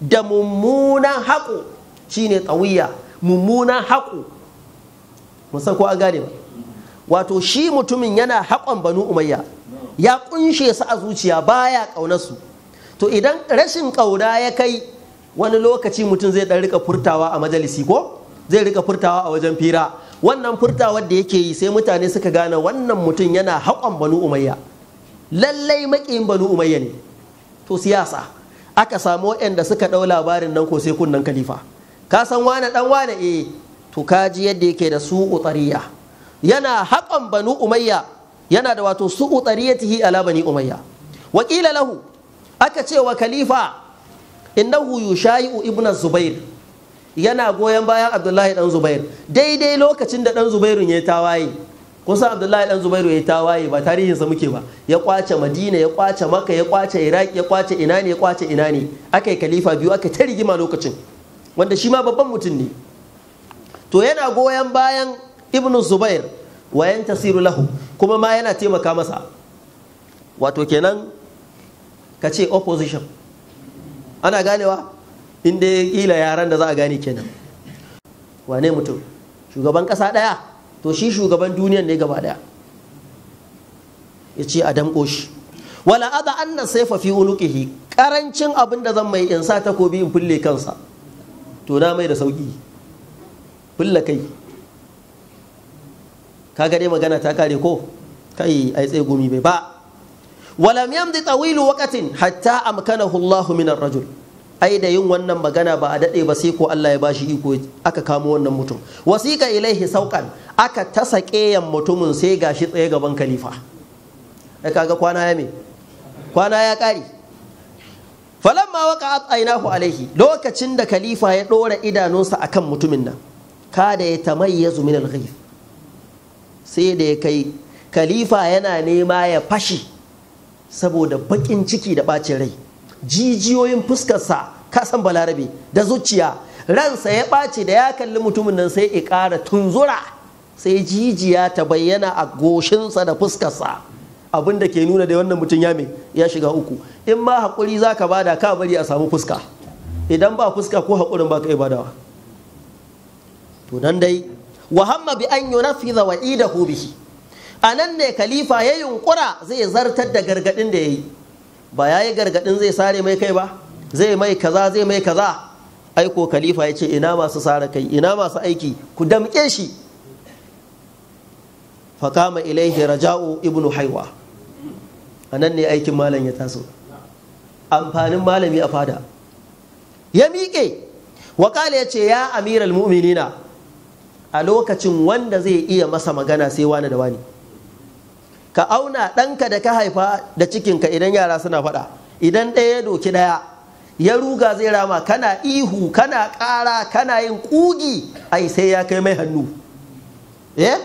da mummunan haƙu shine tawiya mummunan haƙu musan ko an gane ba wato shi mutumin yana haƙon banu umayya ya kunshe su a zuciya baya ƙaunarsu to idan rashin ƙauna ya kai wani lokaci mutum zai ɗan rika furtawa a majalisi ko zai rika furtawa a wajen fira wannan furtawar da yake yi sai mutane suka gane wannan mutum yana haƙon banu umayya lallai maƙiyin banu umayya ne to siyasa aka samu waɗanda suka ɗau labarin nan ko sai kunnan kalifa ka san wane ɗan wane eh to kaji yadda yake da su utariya yana haƙon banu umayya yana da wato su tihi ala bani umayya wakila lahu aka ce wa kalifa innahu yushayi'u ibnu zubair yana goyon bayan abdullahi dan zubair daidai lokacin da dan zubairu ya tawaye kun abdullahi dan zubairu ya tawaye ba tarihin sa muke ba ya kwace madina ya kwace maka ya kwace iraq ya kwace ina ne ya kwace ina ne aka yi kalifa biyu aka ta rigima lokacin wanda shi ma babban mutum ne to yana goyon bayan ibnu zubair wa yantasiru lahu kuma ma yana taimaka masa wato kenan kace ce opposition ana ganewa inda ya kila yaran da za a gane kenan wane mutum shugaban kasa ɗaya to shi shugaban duniyan ne gaba ɗaya ya ce a damƙo shi wala ada an na saifa fi unuqihi karancin abin da zan mai in sa takobi in fulle kansa to na mai da sauki fulla kai kaga dai magana ta kare ko kai ai tsaye gumi bai ba walam yamdi tsawilu waqatin hatta amkanahu Allahu min rajul ai da yin wannan magana ba a daɗe ba sai ko Allah ya bashi iko aka kamo wannan mutum wasiƙa ilaihi sauƙan aka tasake ƙeyan mutumin sai gashi tsaye gaban khalifa Ya kaga kwana ya me kwana ya ƙari falamma waka ainahu alaihi lokacin da khalifa ya ɗora idanunsa akan mutumin nan kada ya tamayyazu min alghayb sai da ya kai khalifa yana nema ya fashi saboda baƙin ciki da ɓacin rai jijiyoyin fuskarsa kasan balarabe da zuciya ransa ya ɓace da ya kalli mutumin nan sai ya ƙara tunzura sai jijiya ta bayyana a goshinsa da fuskarsa abin da ke nuna da wannan mutum ya mai ya shiga uku in ma haƙuri za ka bada ka bari a samu fuska idan ba fuska ko haƙurin ba ka yi badawa to nan dai wahamma bi an yunafiza da hobi a anan ne khalifa ya yunkura zai zartar da gargaɗin da ya yi. ba ya yi gargaɗin zai sare mai kai ba zai mai kaza zai mai kaza aiko khalifa ya ce ina masu sare kai ina masu aiki ku damƙe shi Faƙama ilaihi raja'u ibnu haiwa a nan ne aikin malam ya taso amfanin malami a fada ya miƙe waƙala ya ce ya amiral mu'minina a lokacin wanda zai iya masa magana sai wani da wani ka auna ɗanka da ka haifa da cikinka idan yara suna faɗa idan ɗaya ya doki ɗaya ya ruga zai rama kana ihu kana ƙara kana yin ƙugi ai sai ya kai mai hannu eh?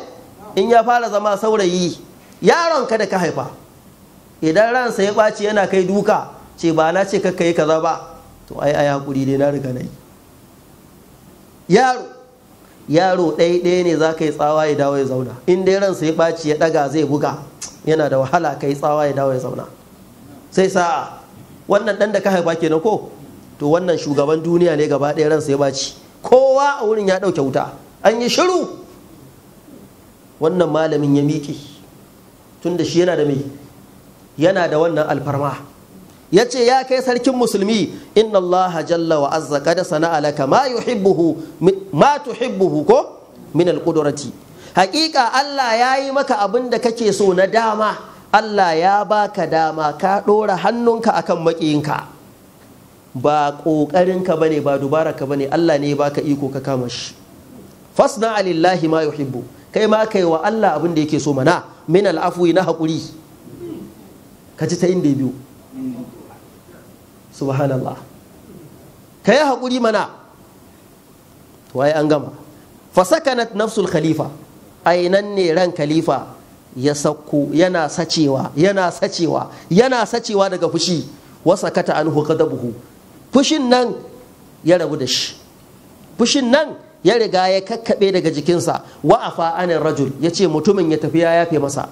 in ya fara zama saurayi Yaron ka da ka haifa idan ransa ya ɓaci yana kai duka ce ba na ce kakka yi kaza ba to ai ai hakuri dai na riga na yi yaro yaro ɗaya ɗaya ne za ka yi tsawa ya dawo ya zauna in dai ransa ya ɓaci ya ɗaga zai buga yana da wahala ka yi tsawa ya dawo ya zauna sai sa'a wannan ɗan da ka haifa kenan ko to wannan shugaban duniya ne gaba ɗaya ransa ya ɓaci kowa a wurin ya ɗauke wuta an yi shiru wannan malamin ya miƙe tun da shi yana da mai yana da wannan alfarma ya ce ya kai sarkin musulmi inna Allah jalla wa azza kada sana'a laka ma yuhibbuhu ma tuhibbuhu ko min alqudrati Hakika Allah ya yi maka abin da kake so na dama Allah ya baka dama ka ɗora hannunka akan maƙiyinka ba ƙoƙarinka bane ba dubararka bane Allah ne baka iko ka kama shi fasna alillahi ma yuhibbu kai ma kai wa Allah abin da yake so mana min al'afwi na haƙuri ka ci ta inda biyu subhanallah ka yi haƙuri mana to ai an gama fasakanat nafsul khalifa ainan ne ran khalifa ya sakko yana sacewa yana sacewa yana sacewa daga fushi wasa kata an buhu. fushin nan ya rabu da shi fushin nan ya riga ya kakkaɓe daga jikinsa wa afa anin rajul ya ce mutumin ya tafi ya yafe masa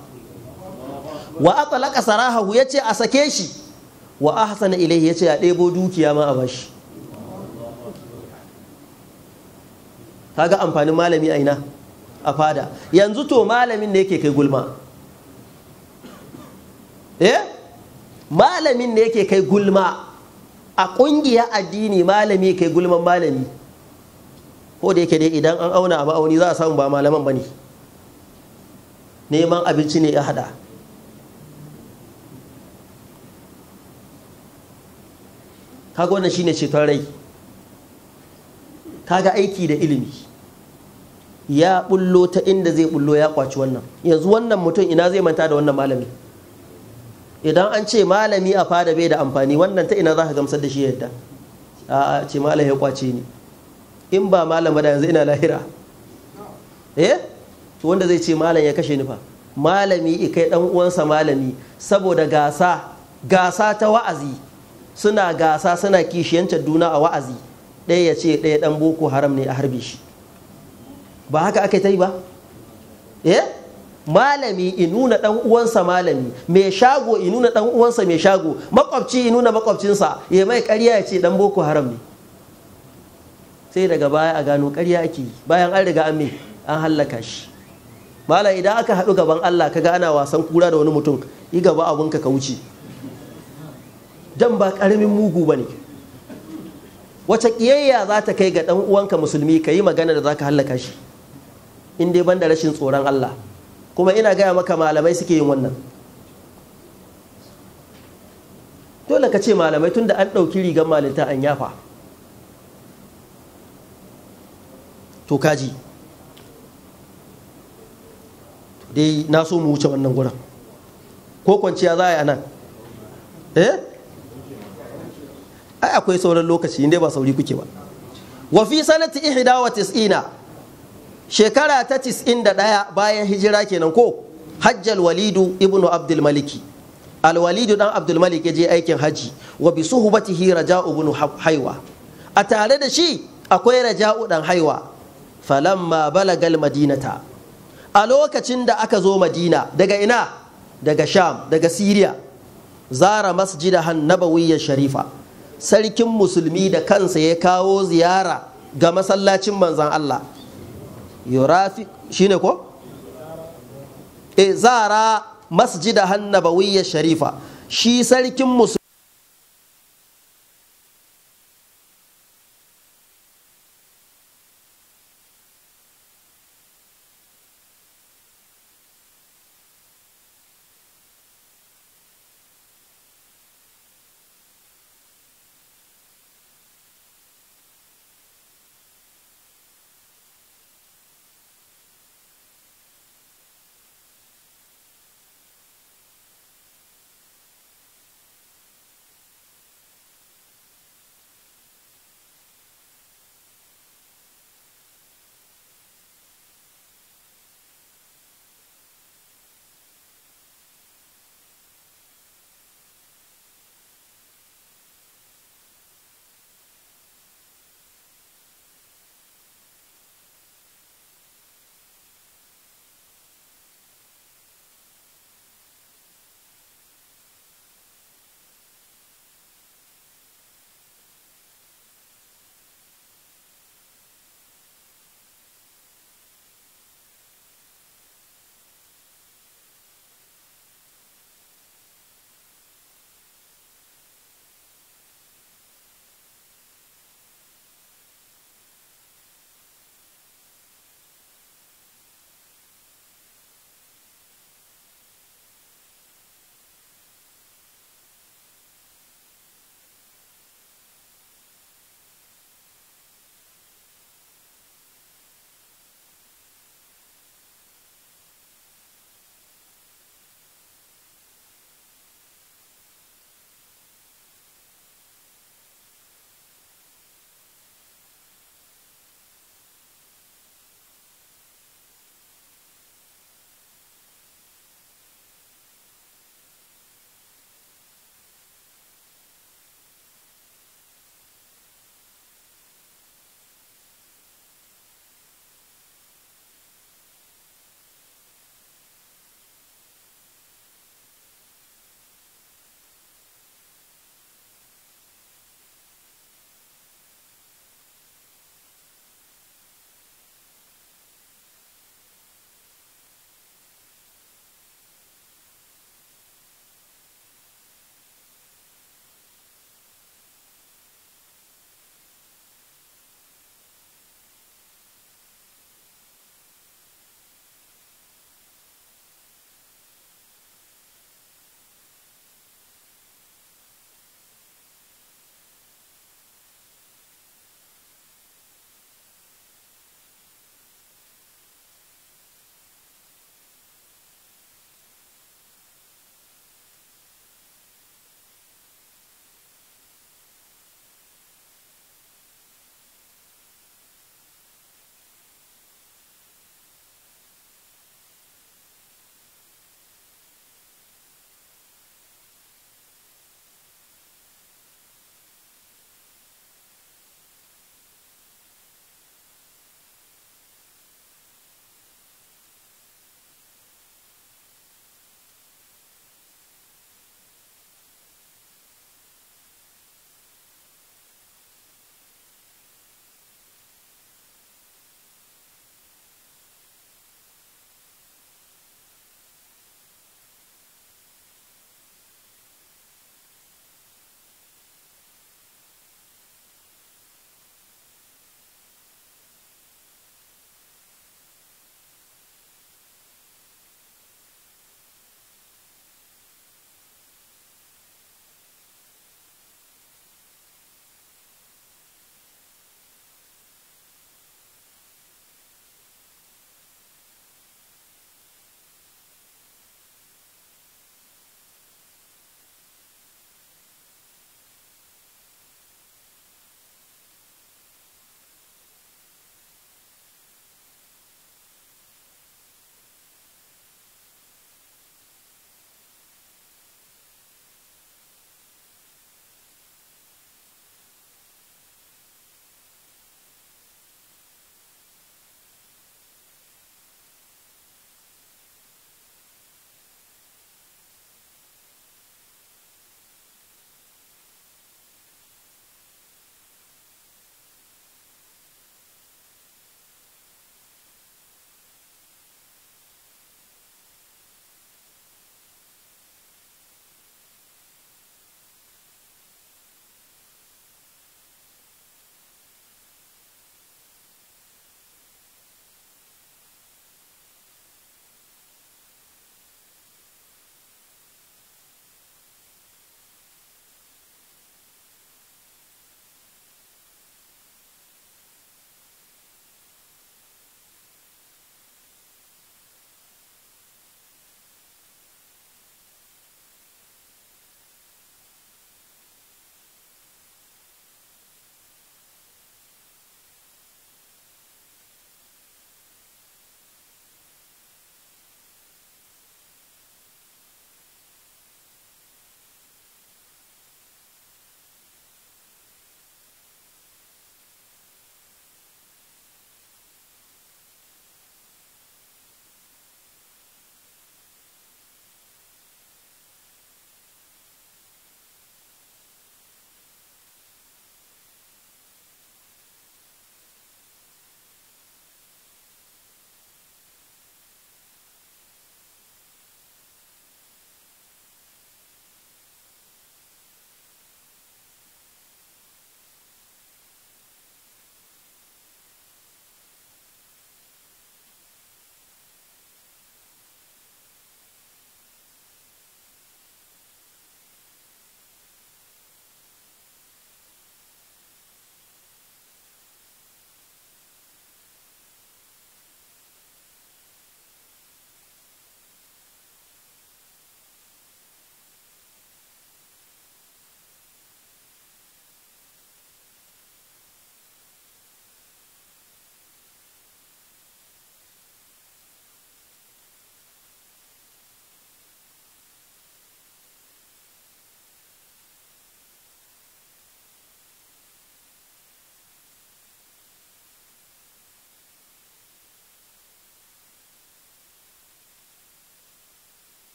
wa atalaka sarahahu ya ce a sake shi wa ahsana ya yace ya ɗebo dukiya ma a bashi kaga amfanin malami a ina a fada yanzu to malamin ne yake kai gulma eh malamin ne yake kai gulma a ƙungiya addini malami kai gulman malami ko da yake dai idan an auna a ma'auni za a samu ba malaman ba ne neman abinci ne ya hada kaga wannan shine ceton rai kaga aiki da ilimi ya bullo ta inda zai bullo ya kwaci wannan yanzu wannan mutum ina zai manta da wannan malami idan an ce malami a fada bai da amfani wannan ta ina za ka gamsar da shi yadda a ce malam ya kwace ni in ba malam ba da yanzu ina lahira eh to wanda zai ce malam ya kashe ni fa malami ikai dan uwansa malami saboda gasa gasa ta wa'azi suna gasa suna kishiyancin juna a wa'azi ɗaya ya ce ɗaya ɗan boko haram ne a harbe shi ba haka aka ta yi ba eh malami inuna ɗan uwansa malami mai shago inuna ɗan uwansa mai shago makwabci inuna makwabcinsa ya mai ƙarya ya ce ɗan boko haram ne sai daga baya a gano ƙarya ake yi bayan an riga an an hallaka shi malam idan aka haɗu gaban allah kaga ana wasan kura da wani mutum yi gaba abunka ka wuce dan ba ƙaramin mugu ba ne wace ƙiyayya za ta kai ga ɗan uwanka musulmi ka yi magana da za ka hallaka shi in dai ban da rashin tsoron Allah kuma ina gaya maka malamai suke yin wannan dole ka ce malamai tunda an ɗauki rigar malinta an yafa to kaji dai na so mu wuce wannan gurin ko kwanciya za a yi anan? eh ai akwai sauran lokaci inda ba sauri kuke ba wa fi sanati ihda wa tis'ina shekara ta tis'in da ɗaya bayan hijira kenan ko hajjal walidu ibnu abdul maliki walidu dan abdul malik ya je aikin haji wa bi suhbatihi raja'u ibnu haiwa a tare da shi akwai raja'u dan haiwa falamma balagal madinata a lokacin da aka zo madina daga ina daga sham daga siriya zara masjida hannabawiyyar sharifa sarkin musulmi da kansa ya kawo ziyara ga masallacin manzan Allah yurafi ne ko e eh, zara masjida hannabawiyya sharifa shi sarkin musulmi